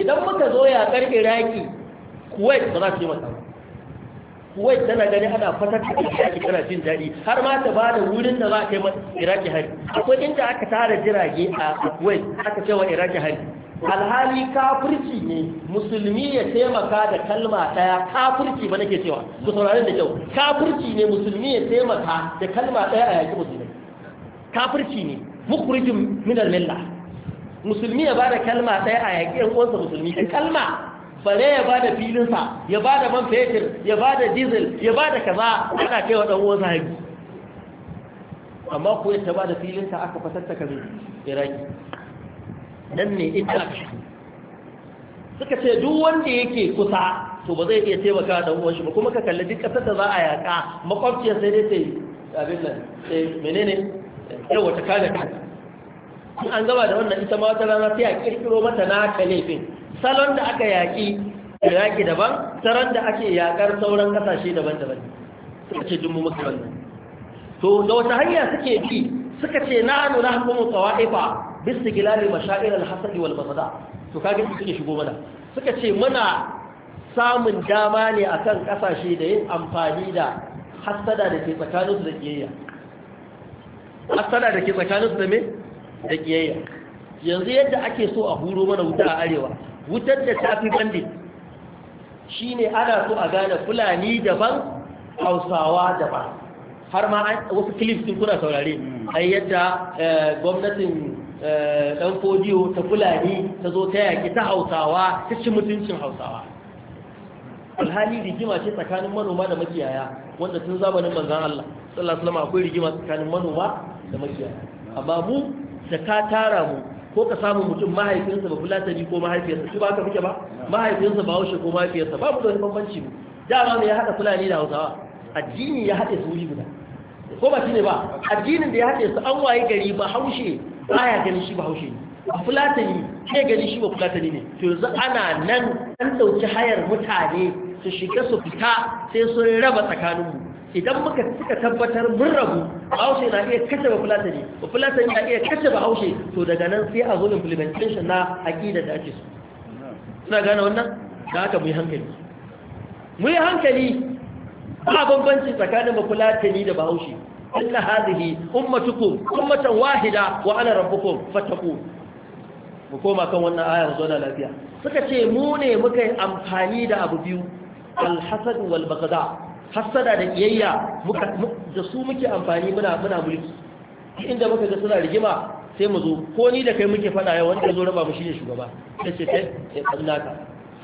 idan muka zo yaƙar iraki kuwait ba za su yi mata kuwai tana gani ana fatar da iraki tana jin daɗi har ma ta ba da wurin da za ta yi iraki hari akwai inda aka tara jirage a kuwai aka ce wa iraki hari alhali kafirci ne musulmi ya taimaka da kalma ɗaya kafirci ba nake cewa ku saurari da kyau kafirci ne musulmi ya taimaka da kalma ɗaya a yaƙi musulmi kafirci ne mukhrijin minar al musulmi ya ba da kalma ɗaya a yaƙi ɗan uwansa musulmi kalma bare ya bada filinsa ya bada man fetur ya bada diesel ya bada kaza ana kai wa dan uwansa haji amma ku ya ta bada filinsa aka fasatta kaza iraki nan ne ita aka shi suka ce duk wanda yake kusa to ba zai iya taimaka da uwan shi ba kuma ka kalli duk kasar da za a yaka makwabciyar sai dai sai abin nan sai menene yau wata kada kan an gaba da wannan ita ma wata rana sai a kirkiro mata na kalefin salon da aka yaƙi iraki daban salon da ake yaƙar sauran ƙasashe daban-daban suka ce dumbu muka wannan to da wata hanya suke bi suka ce na anu na hukumu tsawa'ifa bisu gilali mashair alhassadi wal basada to kage su suke shigo mana suka ce muna samun dama ne akan ƙasashe da yin amfani da hassada da ke tsakaninsu da ƙiyayya hassada da ke tsakaninsu da me da ƙiyayya yanzu yadda ake so a huro mana wuta a arewa wutar da ta fi shi ne ana so a gane fulani daban hausawa daban har ma wasu kilifin kuna saurare hmm. a yadda eh, gwamnatin eh, dan fodiyo ta fulani ta zo ta yaki ta hausawa ta ci mutuncin hausawa alhali rigima ce tsakanin manoma da makiyaya wanda tun zamanin manzan Allah sallallahu alaihi wasallam akwai rigima tsakanin manoma da makiyaya amma mu da ka tara mu ko ka samu mutum mahaifinsa ba fulatani ko mahaifiyarsa shi ba ka fike ba mahaifinsa ba haushe ko mahaifiyarsa Ba da wani bambanci mu dama ne ya haɗa fulani da hausawa addini ya haɗe su wuri guda ko ba ne ba addinin da ya haɗe su an waye gari ba haushe baya ganin shi ba haushe ne fulatani ke gani shi ba fulatani ne to yanzu ana nan an ɗauki hayar mutane su shiga su fita sai sun raba tsakaninmu idan muka suka tabbatar mun rabu bahaushe na iya kashe ba fulatani ba fulatani na iya kashe ba haushe to daga nan sai a zo implementation na aƙida da ake so suna gane wannan da haka mu yi hankali mu yi hankali ba bambanci tsakanin ba fulatani da bahaushe inna hadhihi ummatukum ummatan wahida wa ana rabbukum fattaqu mu koma kan wannan ayar zo na lafiya suka ce mu ne muka yi amfani da abu biyu alhasad wal baghdad hassada da kiyayya da su muke amfani muna muna mulki inda muka ga suna rigima sai mu zo ko ni da kai muke faɗa yau wanda zo raba mu shine shugaba ce kai ya tsalla ka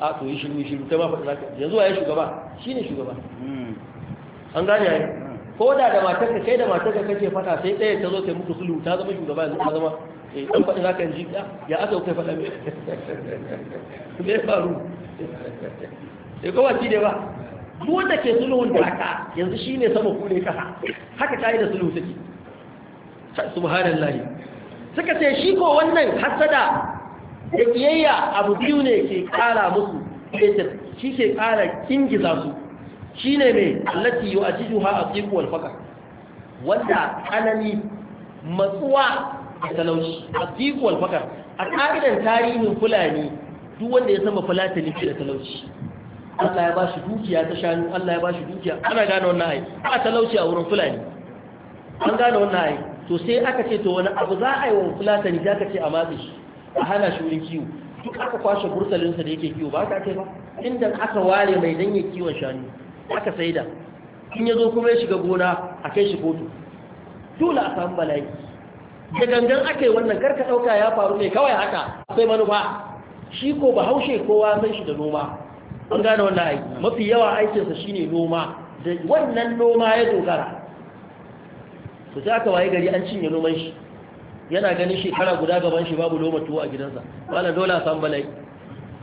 a to yi shiru shiru kai ma faɗa ka yanzu waye shugaba shine shugaba hmm. an gane ai hmm. ko da da matar ka kai da matar ka kake faɗa sai ɗaya ta zo kai muku sulhu ta zama shugaba yanzu ta zama eh dan faɗa zaka ji ya aka kai faɗa me me faru sai eh, ko ci da ba duk wanda ke sulhun da aka yanzu shi ne sama kule kasa haka ta yi da sulhu suke subhanallahi suka ce shi ko wannan hasada da kiyayya abu biyu ne ke kara musu shi ke kara kingiza su shi ne mai allati yi a ha a tsikuwar wanda tsanani matsuwa a talauci a tsikuwar faka a ƙa'idan tarihin fulani duk wanda ya sama fulatani da talauci Allah ya ba shi dukiya ta shanu Allah ya ba shi dukiya ana gane wannan ayi ba talauci a wurin fulani an gane wannan ayi to sai aka ce to wani abu za a yi wa fulatani za ka ce a matsi shi a hana shi wurin kiwo duk aka kwashe sa da yake kiwo ba ka ce ba inda aka ware mai danye kiwon shanu aka saida in ya zo kuma ya shiga gona a kai shi kotu dole a samu bala'i da gangan aka yi wannan karka ɗauka ya faru ne kawai haka sai manufa shi ko bahaushe kowa san shi da noma an gane wannan aiki mafi yawa aikinsa shine noma da wannan noma ya dogara su sai aka waye gari an cinye noman shi yana ganin shekara guda gaban shi babu noma tuwo a gidansa wala dole dola san bala'i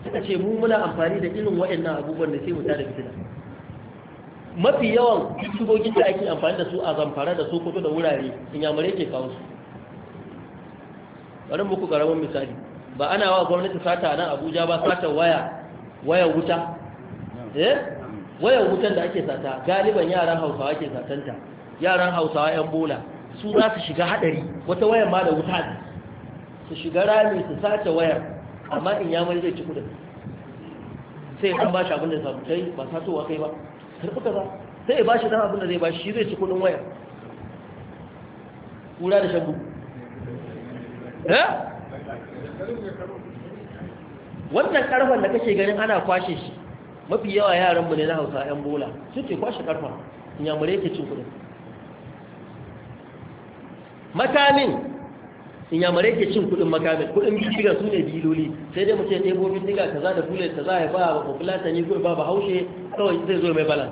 suka ce mu muna amfani da irin waɗannan abubuwan da sai mu tada fitina mafi yawan shugogin da ake amfani da su a zamfara da sokoto da wurare inyamurai ke kawo su bari muku karamin misali ba ana wa gwamnati sata nan abuja ba sata waya wayar wuta eh wayar wutan da ake sata galiban yaran hausawa ke satanta yaran hausawa yan bola su za su shiga hadari wata wayar ma da wuta ne su shiga rami su sace wayar amma in ya mai zai ci kudin sai an ba shi abin da samu kai ba satowa kai ba karfi kaza sai ya ba shi dan abin da zai ba shi zai ci kudin wayar kura da shabu eh wannan karfan da kake ganin ana kwashe shi mafi yawa yaran mu ne na Hausa 'yan bola suke kwashe karfan inyamurai yake cin kudin makamin inyamurai yake cin kudin makamin kudin bishiga su ne biloli sai dai mutum ɗebo bindiga za da bullet kaza ya ba ba fulata ne kudin ba ba haushe kawai zai zo mai balan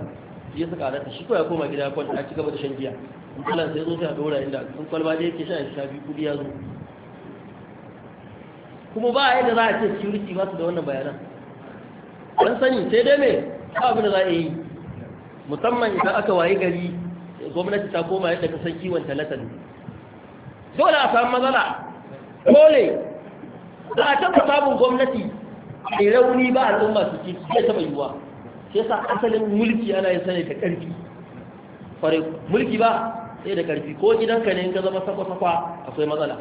ya saka alata shi ko ya koma gida kwanta a ci gaba da shan giya in balan sai zo sai a dora inda in kwalba da yake sha ya sha kudi ya zo kuma ba yadda za a ce security ba su da wannan bayanan an sani sai dai me ba abin da za a yi musamman idan aka waye gari gwamnati ta koma yadda ka san kiwon talatan dole a samu matsala dole za a taɓa samun gwamnati a rauni ba al'umma su ci zai taɓa yiwuwa sai sa asalin mulki ana yin sani da ƙarfi mulki ba sai da ƙarfi ko gidanka ne in ka zama sakwa-sakwa akwai matsala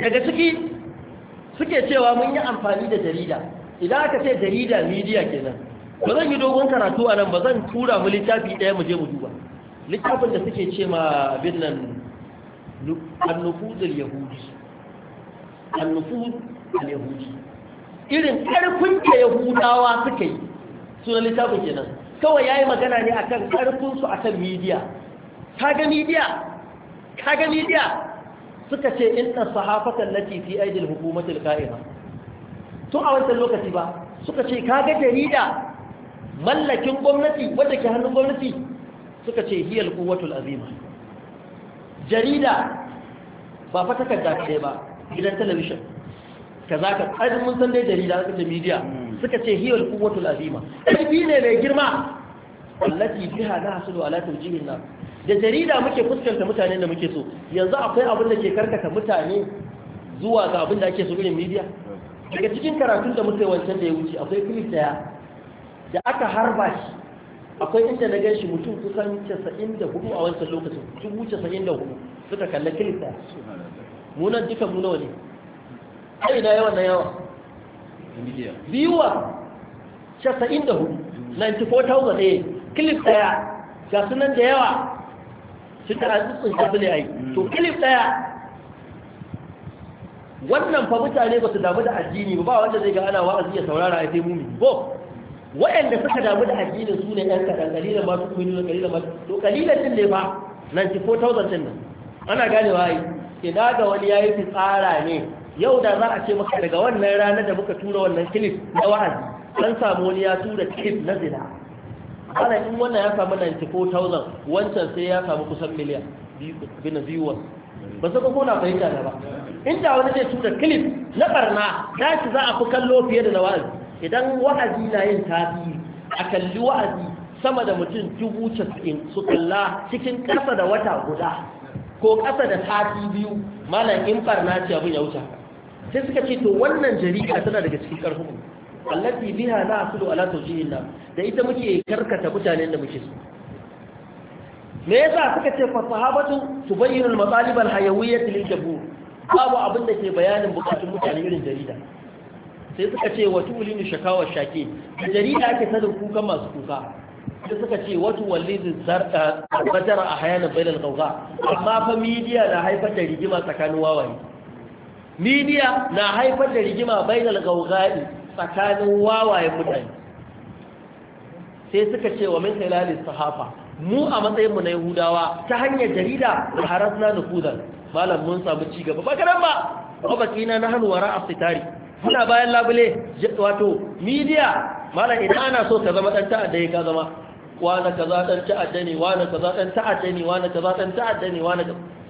daga ciki suke cewa mun yi amfani da jarida idan aka ce jarida media kenan ba zan yi dogon karatu a nan ba zan tura mu littafi ɗaya mu je mu duba littafin da suke ce ma abin nan annufuzul yahudi annufuzul yahudi irin ƙarfin ke yahudawa suke yi sunan littafin kenan kawai ya yi magana ne akan ƙarfin a kan media kaga media ga media suka ce inna sahafatan lati fi aidil hukumati alqa'ima tun a wancan lokaci ba suka ce kaga jarida mallakin gwamnati wanda ke hannun gwamnati suka ce hiyal quwwatul azima jarida ba fa takarda kai ba gidan television kaza ka ai mun san dai jarida hmm. suka ce media suka ce hiyal quwwatul azima ƙarfi ne mai girma allati biha nahsulu ala tawjihin na da jarida muke fuskanta mutane da muke so yanzu akwai abin da ke karkata mutane zuwa ga abin da ake so irin media daga cikin karatun da muke wancan da ya wuce akwai clip daya da aka harba shi akwai inda na ganshi mutum kusan 94 a wancan lokacin dubu 94 suka kalla clip daya munan duka mu nawa ne ai na yawa na yawa biyuwa 94 94,000 ne kilif daya ga sunan da yawa sun da sun shafi ne a yi mm. to kilif daya wannan fa mutane ba su damu da addini ba wanda zai ga ana wa'azi ya saurara a yi mumi bo waɗanda suka damu da addinin su ne yan kaɗan kalilan masu kuni da kalilan masu to kalilan din ne ba 94,000 din nan ana gane wa yi ke ga wani ya yi tsara ne yau da za a ce maka daga wannan ranar da muka tura wannan kilif na wa'azi an samu wani ya tura kilif na zina ana in wannan ya samu 94,000 wancan sai ya samu kusan miliyan bina biyuwa ba su ko na fahimta da ba inda wani zai tura kilif na barna ta shi za a fi kallo fiye da na wa'azi idan wa'azi na yin tasiri a kalli wa'azi sama da mutum dubu casa'in su kalla cikin kasa da wata guda ko kasa da tasi biyu malam in barna ce abin ya wuce sai suka ce to wannan jarida tana daga cikin ƙarfin allati biha na'sulu ala tawjihin nas da ita muke karkata mutanen da muke so me yasa suka ce fa sahabatu tubayyinu al-matalib al-hayawiyyah lil jabur babu abin da ke bayanin bukatun mutanen irin jarida sai suka ce wa watu ulinu shakawa Shaki. da jarida ake sanin kuka masu kuka da suka ce watu wallizu zartara a hayanin bayan gauga amma fa midiya na haifar da rigima tsakanin wawaye midiya na haifar da rigima bayan bainal gauga'i tsakanin wawaye mutane sai suka ce wa min hilali sahafa mu a matsayin mu na yahudawa ta hanyar jarida da harasna nufuzan malam mun samu ci gaba ba kanan ba baki na hannu wara a fitari muna bayan labule wato media malam idan ana so ka zama dan ta'adda ya ka zama wani kaza dan ta'adda ne wani kaza dan ta'adda ne wani kaza dan ta'adda ne wani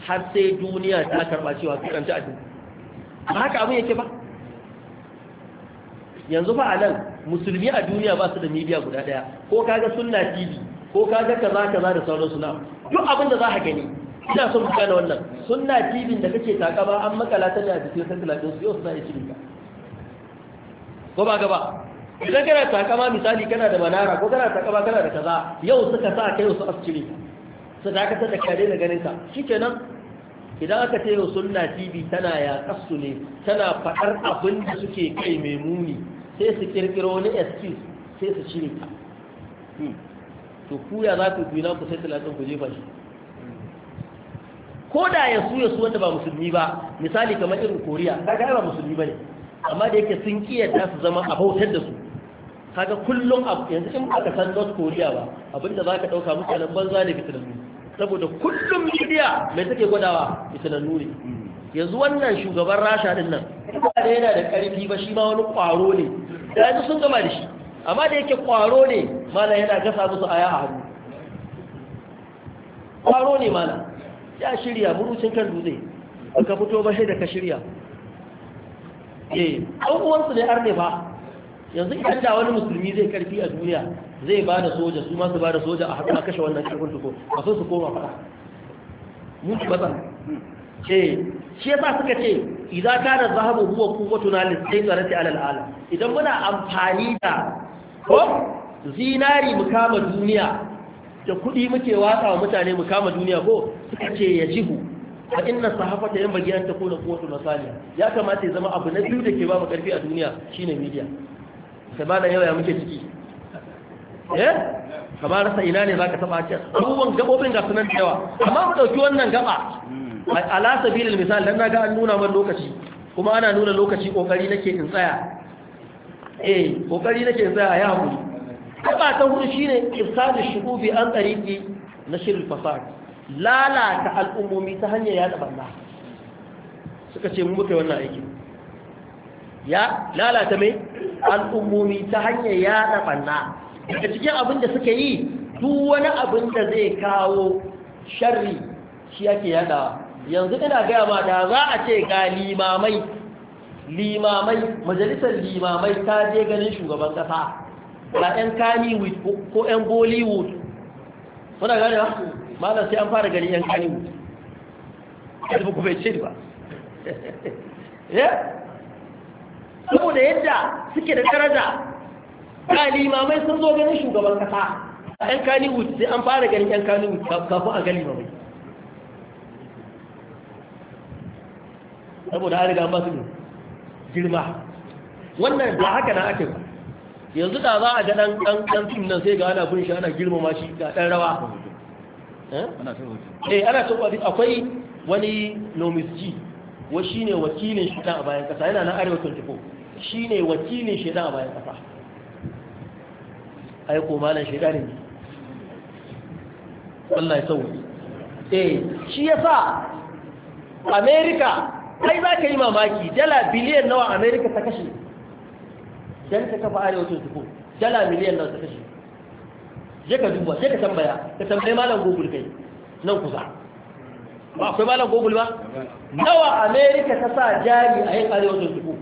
har sai duniya ta karba cewa su dan ta'adda haka abin yake ba yanzu fa a nan musulmi a duniya ba su da media guda daya ko kaga sunna tv ko kaga kaza kaza da sauran suna duk abin da za ka gani ina son ku kana wannan sunna tv da kake taka ba an makala ta ne a jikin sakala su yau suna yi shirin ka ko ba gaba idan kana ma misali kana da manara ko kana ba kana da kaza yau suka sa kai su ascire su dakatar da kare da ganin ka shikenan idan aka ce sunna tv tana ya kasu ne tana faɗar abin da suke kai mai muni sai su kirkiro wani excuse sai su cire ka hmm. to kuya za ku kuyi ku sai talatin ku jefa shi ko da ya su su wanda ba musulmi ba misali kamar irin koriya ta gaya ba musulmi ba ne amma da yake sun kiyarta su zama a bautar da su kaga kullum yanzu in aka san north korea ba abinda za ka ɗauka mutanen banza da fitinannu saboda kullum media mai take gwadawa fitinannu ne yanzu wannan shugaban rasha din nan ba da yana da ƙarfi ba shi ma wani ƙwaro ne da yanzu sun gama da shi amma da yake ƙwaro ne mana yana gasa musu aya a hannu ƙwaro ne mana ya shirya murucin kan dutse ka fito ba shi da ka shirya eh abubuwansu ne arne ba yanzu idan da wani musulmi zai karfi a duniya zai ba da soja su masu ba da soja a haɗu a kashe wannan karfin tuko kafin su koma fara mutu matsala Ce, ce ba suka ce idan da zahabu huwa quwwatuna lis-sayrati 'ala alal ala idan muna amfani da ko zinari mu kama duniya da kudi muke watsa wa mutane mu kama duniya ko suka ce ya jihu a inna sahafata yan bagiyar ta kuna na saniya ya kamata ya zama abu na biyu da ke ba mu karfi a duniya shine media sabana yau ya muke ciki eh kamar sa ina ne zaka taba ce abubuwan gabobin ga sunan da yawa amma mu dauki wannan gaba ala sabilil misal dan naga an nuna man lokaci kuma ana nuna lokaci kokari nake in tsaya eh kokari nake in tsaya ya hakuri kafa ta hudu shine ifsadu shububi an tariqi na shirin fasad lalata al'ummomi ta hanyar yada banna suka ce mu muke wannan aikin ya lalata mai al'ummomi ta hanyar yada banna Da cikin abin da suka yi duk wani abin da zai kawo sharri shi yake yadawa yanzu ina gaya ma da za a ce ga limamai limamai majalisar limamai ta je ganin shugaban kasa ba 'yan kaniwood ko 'yan bollywood suna gane ba malar sai an fara ganin 'yan kaniwood yadda ba ku bai ce ba eh? saboda yadda suke da karaja ga limamai sun zo ganin shugaban kasa 'yan kaniwood sai an fara ganin 'yan kaniwood kafin a ga limamai saboda an riga ba su girma wannan da haka na ake ba yanzu da za a ga dan dan dan fim nan sai ga ana bin shi ana girmama shi ga dan rawa eh ana tabbata eh, akwai wani ji wa shine wakilin shi a bayan kasa yana nan arewa 24 shine wakilin shi a bayan kasa ai ko malan shedani ne wallahi sauki eh shi yasa America kai za ka yi mamaki dala biliyan nawa amerika ta kashe don ta kafa arewacin tukun dala miliyan nawa ta kashe je ka duba je ka tambaya ka tambaye malam google kai nan kusa ba akwai malam google ba nawa amerika ta sa jari a yin arewacin tukun?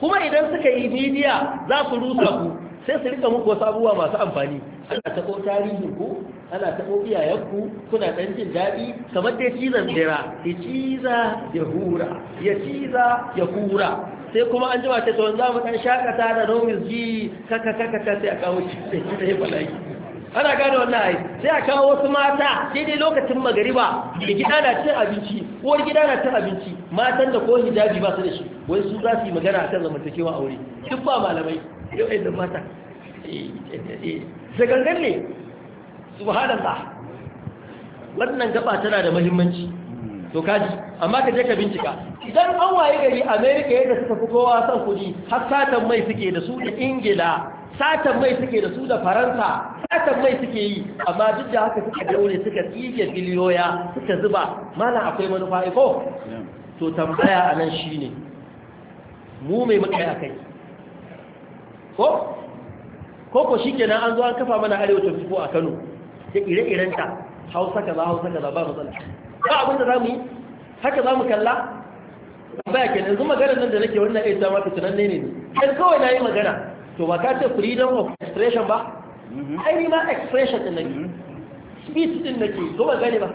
kuma idan suka yi midiya za su rusa ku sai su rika muku wasu abubuwa masu amfani ana taɓo tarihin ku ana taɓo iyayenku kuna ɗan jin daɗi kamar dai cizan jira ya ciza ya hura ya ciza ya hura sai kuma an jima ta to za mu ɗan shakata da nomis ji kaka kaka ta sai a kawo sai ta yi bala'i ana gane wannan ai sai a kawo wasu mata daidai lokacin magariba da gida cin abinci uwar gida na cin abinci matan da ko hijabi ba su da shi wai su za su yi magana a kan zamantakewa wuri. duk ba malamai yau yadda mata da gangan ne subhanallah wannan gaba tana da mahimmanci. to kaji amma ka je ka bincika idan an waye gari america yadda suka fi kowa son kuɗi har satan mai suke da su da ingila satan mai suke da su da faransa satan mai suke yi amma duk da haka suka daure suka tsige biliyoya suka zuba mana akwai manufa ko to tambaya a nan shine mu mai muka a kai ko ko shi kenan an zo an kafa mana arewa tafisko a kano da ire iren ta. hausa kaza hausa kaza ba matsala ba abin da za mu yi haka za mu kalla baya kenan yanzu maganar nan da nake wannan ɗaya ta mata ne ne ɗan kawai na yi magana to ba ka ce freedom of expression ba mhm. ai ni ma expression din nake mhm. speech din nake to ba gane ba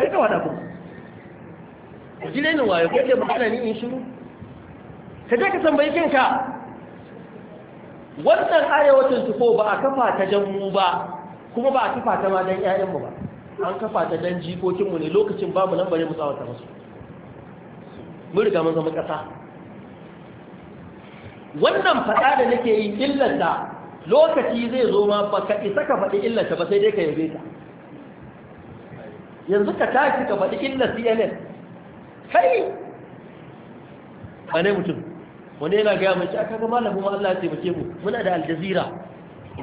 ai kawai na kuma jire ni wayo kai ce magana ni in shiru ka je ka tambayi kanka wannan arewacin tuko ba a kafa ta jan mu ba kuma ba a kafa ta ma yayin mu ba an kafa ta jikokin jikokinmu ne lokacin ba mu nan bare mu tsawata musu mun riga mun zama ƙasa wannan fada da nake yi illanta lokaci zai zo ma ba ka isa ka faɗi illanta ba sai dai ka yabe ta yanzu ka tashi ka faɗi illar cnn kai ba ne mutum wani yana gaya mace aka ah, ga malamin Allah ya taimake mu muna da aljazira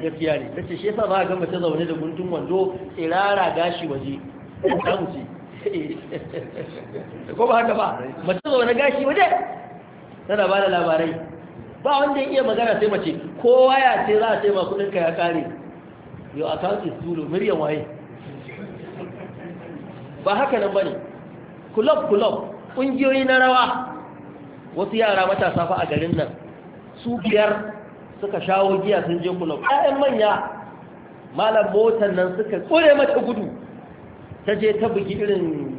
gaskiya ne nace shi yasa ba ga mace zaune da guntun wando tsirara gashi waje ta mutu eh. ko ba haka ba mace zaune gashi waje tana ba da labarai ba wanda ya iya magana sai mace kowa ya ce za a ce ma ka ya kare yau a kan istulu miliyan waye ba haka nan ba ne kulob kulob ƙungiyoyi na rawa wasu yara matasa fa a garin nan su biyar suka shawo giya sun je kuna ƙayan manya malam motar nan suka tsore mata gudu ta je ta bugi irin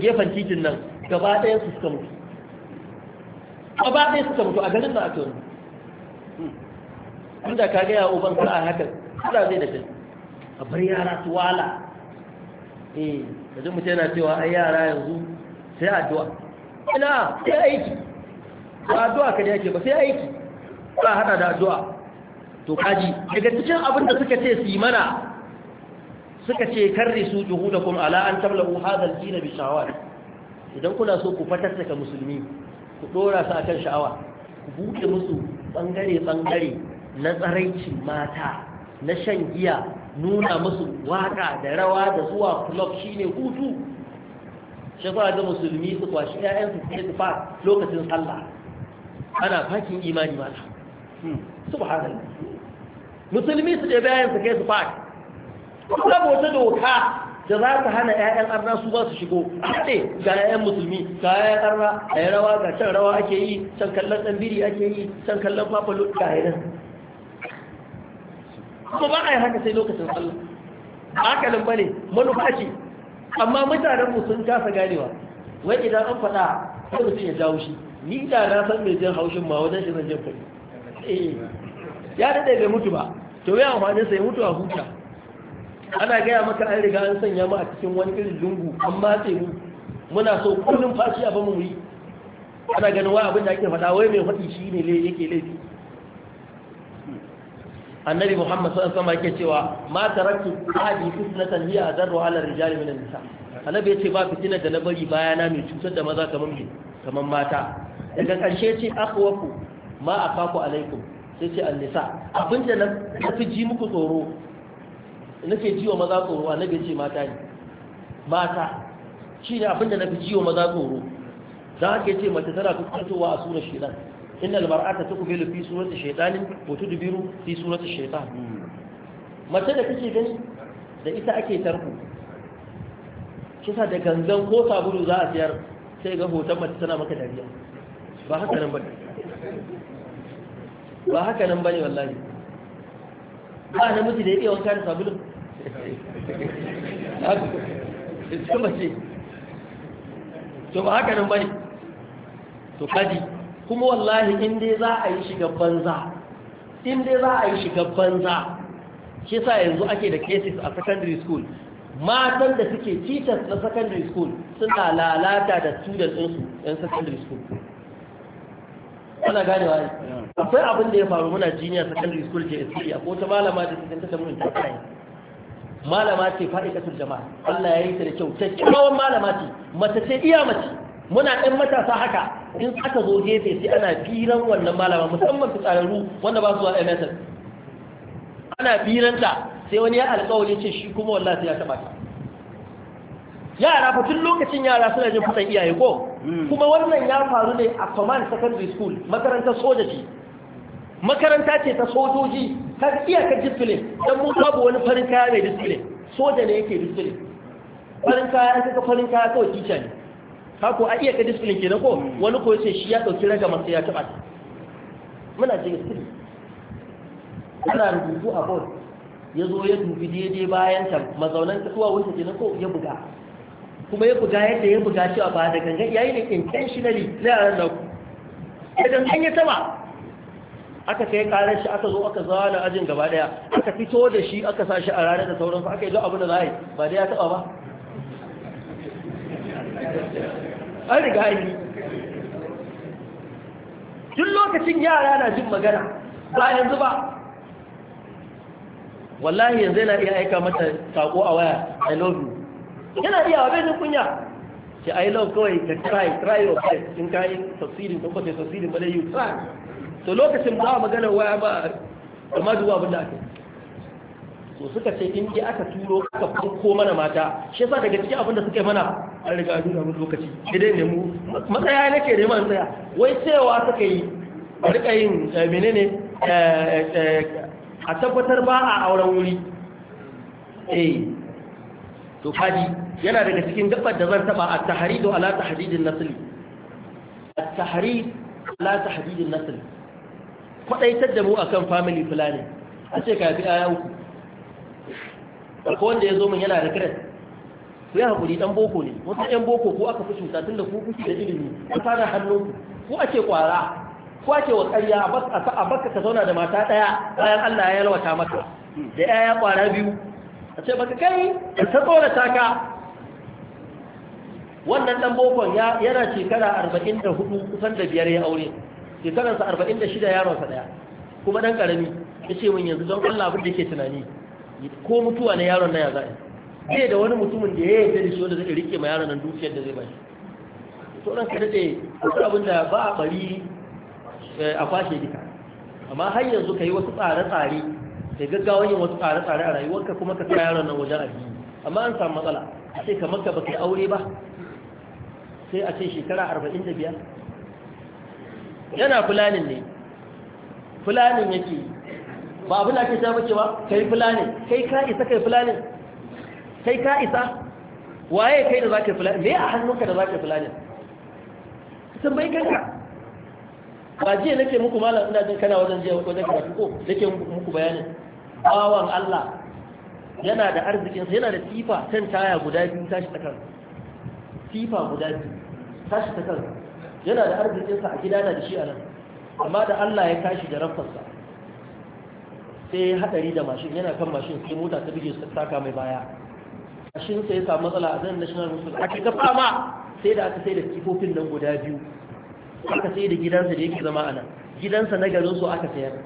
gefen titin nan gaba ɗaya su suka mutu gaba ɗaya suka mutu a garin nan a tonu da ka gaya uban kula haka suna zai da shi a bar yara su wala eh da mutum yana cewa ai yara yanzu sai addu'a ina sai aiki ba addu'a ka yake ba sai aiki ba hada da addu'a to kaji daga cikin abin da suka ce su yi mana suka ce karri su kuma ala an tabla hadha al na bi idan kuna so ku fatar da musulmi ku dora su akan sha'awa ku buɗe musu ɓangare-ɓangare na tsaraicin mata na shan giya nuna musu waka da rawa da zuwa club shine hutu shi yasa musulmi su kwashi ƴaƴan su sai su fa lokacin sallah ana fakin imani mata, mala subhanallah musulmi su da bayan su kai su fa kuma wata doka da za ta hana ƴaƴan arna su ba su shigo haɗe ga ƴaƴan musulmi ga ƴaƴan arna a yi rawa ga can rawa ake yi can kallon ɗan biri ake yi can kallon fafalo ga yanar kuma ba a yi haka sai lokacin sallah akalin ne manufa ce amma mutanenmu sun kasa ganewa wai idan an faɗa sai mutum ya jawo shi ni da na san mai jin haushin ma wajen shi zan jin Eh ya daɗe bai mutu ba to ya amfani sai mutu a huta ana gaya maka an riga an sanya mu a cikin wani irin lungu Amma matse mu muna so kullum fashi a bamu yi ana ganin wa abin da ake faɗa wai mai faɗi shi ne yake laifi annabi muhammad sallallahu alaihi wasallam yake cewa ma taraktu ahadi fitnatan hiya adarru ala rijali min nisa annabi yace ba fitina da na bari bayana mai cutar da maza kaman me kaman mata daga karshe ce akhwafu ma akaku alaikum sai ce an-nisa abinda na fi ji muku tsoro nake ji wa maza tsoro annabi yace mata ne mata shine abinda na fi ji wa maza tsoro za ka ce mace tana fuskantowa a sunan shedan innal ta tuqbilu fi surati shaytanin hoto tudbiru fi surati shaytan mace da kake gani da ita ake tarko kisa da gangan ko sabulu za a siyar sai ga hoton mace tana maka dariya ba haka nan bane ba haka nan bane wallahi ba namiji da ya iya wanka da sabulun to ba haka nan bane to kadi. kuma wallahi in dai za a yi shiga banza in dai za a yi shiga banza shi sa yanzu ake da cases a secondary school matan da suke teachers na secondary school suna lalata da students ɗinsu ɗin secondary school ana ganewa wani akwai abin da ya faru muna junior secondary school ke isiri a kota malama da sukan tattara mun tattara malama ce faɗi ƙasar jama'a Allah ya yi ta da kyau Ta kyawon malama ce mace ce iya mace muna ɗan matasa haka in aka zo gefe sai ana firan wannan malama musamman fitsararru wanda ba su wa MSN ana firanta sai wani ya alƙawari ce shi kuma wallah sai ya taɓa ta yara fa lokacin yara suna jin kusan iyaye ko hmm. kuma wannan ya faru ne a command secondary school makarantar soja ce makaranta ce ta sojoji ta iyakar discipline don mu babu wani farin kaya mai discipline soja ne yake discipline farin kaya an kaka farin kaya kawai teacher ne ka a iya ka discipline kenan ko hmm. wani ko yace shi ya ɗauki raga masu ya ta muna je discipline ana rubutu a bol ya zo ya dubi daidai bayan ta mazaunan kasuwa wanda kenan ko ya buga kuma ya buga yadda ya buga cewa ba da gangan yayi ne intentionally na yaran da idan an yi taɓa aka kai karar shi aka zo aka zana ajin gaba daya aka fito da shi aka sa shi a ranar da sauransu aka yi zo abin da za yi ba da ya taɓa ba an riga yi tun lokacin yara na jin magana ba yanzu ba wallahi yanzu yana iya aika mata sako a waya i love you yana iya wa bai kunya ce i love kawai ka try try your best in ka tafsirin ko kwace tafsirin ba dai you try to lokacin ba magana waya ba amma duba abin da ake so suka ce in ji aka turo aka farko mana mata shi yasa daga cikin abin da suka yi mana an riga nuna mun lokaci idan ne mu matsaya nake da man tsaya wai cewa suka yi a rika yin eh, menene eh, eh, a tabbatar ba a auren wuri eh to kaji yana daga cikin gabar da zan taba at-tahridu ala tahdidin nasl at-tahrid ala tahdidin nasl kwadaitar da mu akan family planning a ce ka bi aya uku ko wanda ya zo min yana da credit ku yi haƙuri ɗan boko ne wasu ɗan boko ko aka fi cuta tun da ku kuke da ilimi ku tara hannu ku ake kwara ku ake wa ƙarya a baka ka zauna da mata ɗaya bayan Allah ya yalwata maka da ya kwara biyu a ce baka kai da ta tsorata ka wannan ɗan bokon yana shekara arba'in da hudu kusan da biyar ya aure shekararsa arba'in da shida yaronsa ɗaya kuma ɗan ƙarami ya ce min yanzu don Allah abin da ke tunani ko mutuwa na yaron na ya za'a zai da wani mutumin da ya yi zai shi wanda zai rike ma yaron nan dukiyar da zai bashi to nan ka dade akwai abin da ba a bari eh, a kwashe duka amma har yanzu ka yi wasu tsare-tsare da gaggawa yin wasu tsare-tsare a rayuwarka kuma ka sa yaron nan wajen addini amma an samu matsala a ce kamar ka baka aure ba sai a ce shekara arba'in da yana fulanin ne fulanin yake ba abin da ake ta bace ba kai fulanin kai ka isa kai fulanin kai ka isa waye kai da zaka fulani me a hannunka da zaka fulani san bai kanka ba jiya nake muku malam ina jin kana wajen jiya wajen karatu ko nake muku bayanin bawan Allah yana da arzikin sa yana da tifa kan taya guda biyu tashi ta kan tifa guda biyu tashi ta kan yana da arzikin sa a gida na da shi a nan amma da Allah ya tashi da rafarsa sai hadari da mashin yana kan mashin sai mota ta bige su saka mai baya kashin sa ya samu matsala a nan national musul aka ga fama sai da aka sai da kifofin nan guda biyu aka sai da gidansa da yake zama a nan gidansa na garin su aka sayar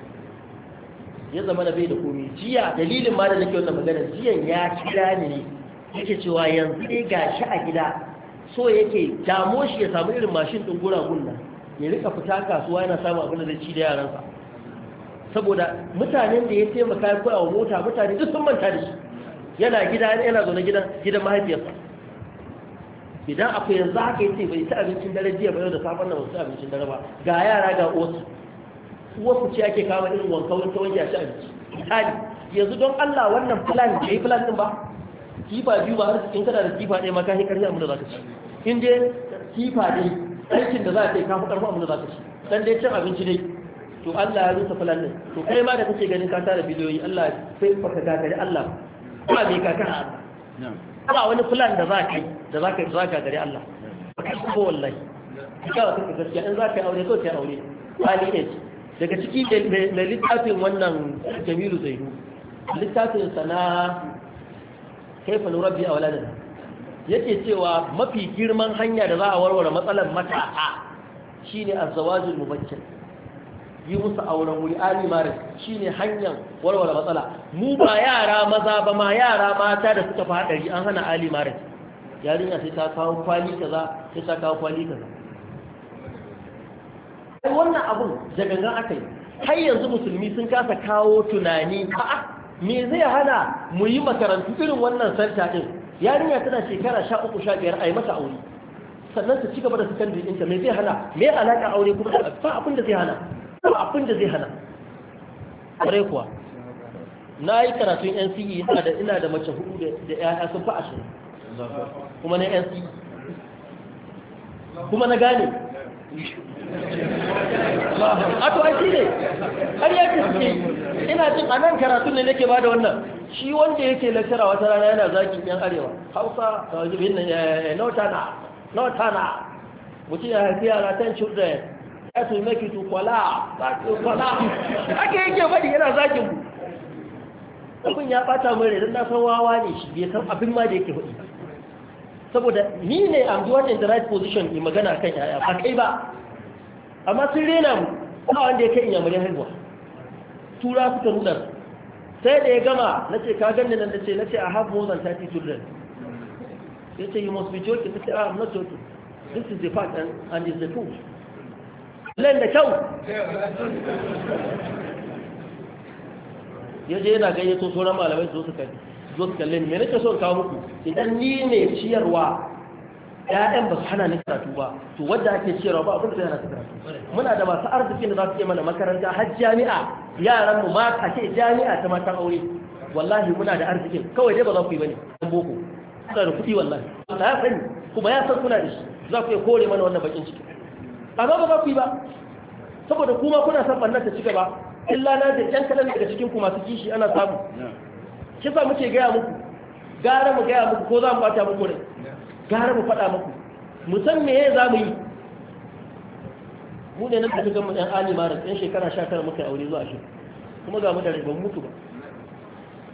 ya zama da bai da komi jiya dalilin ma da nake wata magana jiyan ya kira ne ne yake cewa yanzu dai shi a gida so yake damo shi ya samu irin mashin ɗin guragun nan ya rika fita kasuwa yana samun abin da zai ci da yaransa saboda mutanen da ya taimaka ya koya wa mota mutane duk sun manta da shi yana gida yana zaune gidan gidan mahaifiyarsa idan akwai yanzu haka yace bai ci abincin dare jiya ba yau da safan nan wasu abincin dare ba ga yara ga wasu wasu ce ake kama irin wanka wani ta wanke shi abinci misali yanzu don Allah wannan plan da yi plan din ba kifa biyu ba har cikin kada da kifa ɗaya ma ka hikar abin da zaka ci in dai kifa dai aikin da za ka yi ka fi karfin abin da zaka ci dan dai cin abinci dai to Allah ya rusa fulan to kai ma da kake ganin ka tara bidiyoyi Allah sai ka ga Allah Kuma mai kakan Allah ba wani plan da za ka yi da za ka yi zaka gari Allah ba ka ko wallahi ka ka gaskiya in za ka aure to ka aure Wani ne daga ciki da littafin wannan Jamilu Zaidu littafin sana kaifa a awladan yake cewa mafi girman hanya da za a warware matsalar mata'a shine azzawajul mubakkir yi musu auren wuri ali shi ne hanyar warware matsala mu ba yara maza ba ma yara mata da suka fadari an hana ali maris yarinya sai ta kawo kwali kaza sai ta kawo kwali kaza ai wannan abun jagangan yi. har yanzu musulmi sun kasa kawo tunani a'a me zai hana mu yi makarantu irin wannan santa din yarinya tana shekara 13 15 ai mata aure sannan su ci gaba da sakandare ɗinta me zai hana me alaƙa aure kuma ba abin da zai hana ba abin da zai hana ƙwarai kuwa na yi karatun nce yana ina da mace hudu da yaya sun fi ashe kuma na nce kuma na gane a to aiki ne har yake suke ina cin anan karatun ne nake ba da wannan shi wanda yake lakcara wata rana yana zaki yan arewa hausa da wajen na nautana nautana mutum ya haifi yara 10 children asu maki tu kwala ake yake faɗi yana zakin mu abin ya fata mai rai don na san wawa ne shi bai san abin ma da yake faɗi saboda ni ne am the one the right position in magana kan yaya ba kai ba amma sun rena mu ba wanda ya kai yamurin haihuwa tura suka nuna sai da ya gama na ce ka gani nan da ce na ce a have more than 30 children ya ce you must be joking na ce a ah, am not joking this is the fact and, and is the truth lan da kyau ya je yana gayyato sauran malamai su suka zo su kalle ni me nake so in kawo muku idan ni ne ciyarwa 'ya'yan ba su hana ni karatu ba to wadda ake ciyarwa ba abin da zai hana su karatu muna da masu arzikin da za su yi mana makaranta har jami'a yaran mu ma mata ke jami'a ta matan aure wallahi muna da arzikin kawai dai ba za ku yi bane dan boko kuna da kuɗi wallahi ta ya kuma ya san kuna da shi za ku iya kore mana wannan bakin ciki amma ba ba ku yi ba saboda kuma kuna san ɓannan ta ci gaba illa na da ƴan kaɗan daga cikin ku masu kishi ana samu kisa muke gaya muku gara mu gaya muku ko za mu bata muku rai gara mu faɗa muku mu san me za mu yi mu ne nan da kuka mu ɗan alimarin ɗan shekara sha tara muka aure zuwa shi kuma ga mu da rai ba mutu ba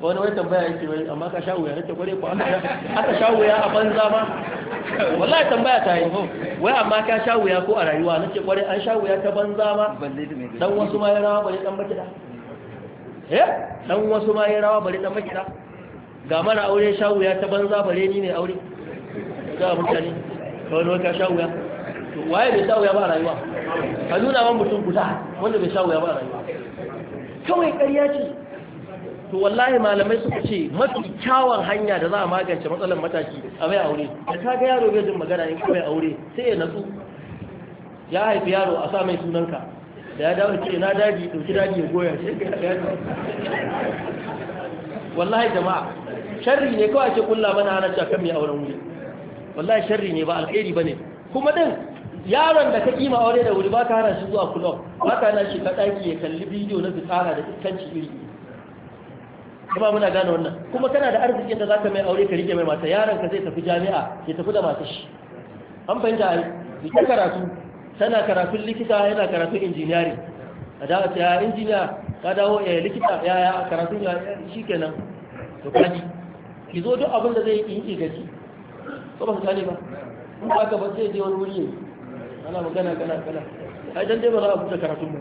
wani wai tambaya yake wai amma ka sha wuya nake kware ko aka sha wuya a banza ma wallahi tambaya ta yi wai amma ka sha wuya ko a rayuwa nake kware an sha wuya ta banza ma dan wasu ma ya rawa bari dan bakida eh dan wasu ma ya rawa bari dan bakida ga mana aure sha wuya ta banza bare ni ne aure ga mutane wani wai ka sha wuya waye bai sha wuya ba a rayuwa ka nuna man mutum guda wanda bai sha wuya ba a rayuwa kawai ƙarya ce to wallahi malamai suka ce mafi kyawun hanya da za a magance matsalar mataki a mai aure da ka ga yaro bai jin magana in kuma aure sai ya natsu ya haifi yaro a sa mai sunanka da ya dawo ce na daji dauki daji ya goya shi ka yaro wallahi jama'a sharri ne kawai ake kulla mana ana cewa kan mai auren wuri wallahi sharri ne ba alkhairi bane kuma din yaron da ka kima aure da wuri ba ka hana shi zuwa kulob ba ka hana shi ka daki ya kalli bidiyo na fitsara da kanci iri kuma muna gane wannan kuma kana da arziki da zaka mai aure ka rike mai mata yaron ka zai tafi jami'a ya tafi da mata shi an fahimta ai ita karatu tana karatun likita yana karatun injiniyari a da ta injiniya ka dawo ya eh, likita ya ya karatun ya kenan to kaji ki zo duk abin da zai yi ki gaji ko ba ka gane ba in ba ka ba sai je wani wuri ana magana kana kana ai dan dai ba za a buɗe karatun mu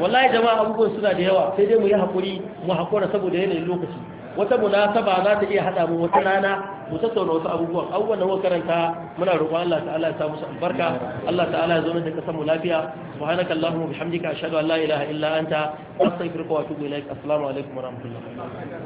wallahi jama'a abubuwan suna da yawa sai dai mu yi hakuri mu hakura saboda yanayin lokaci wata munasaba za ta iya hada mu wata rana mu tattauna wasu abubuwan abubuwan da muka karanta muna roƙon Allah ta'ala ya sa musu albarka Allah ta'ala ya zauna da kasar mu lafiya subhanaka allahumma bihamdika ashhadu an la ilaha illa anta astaghfiruka wa atubu ilaik assalamu alaikum wa rahmatullahi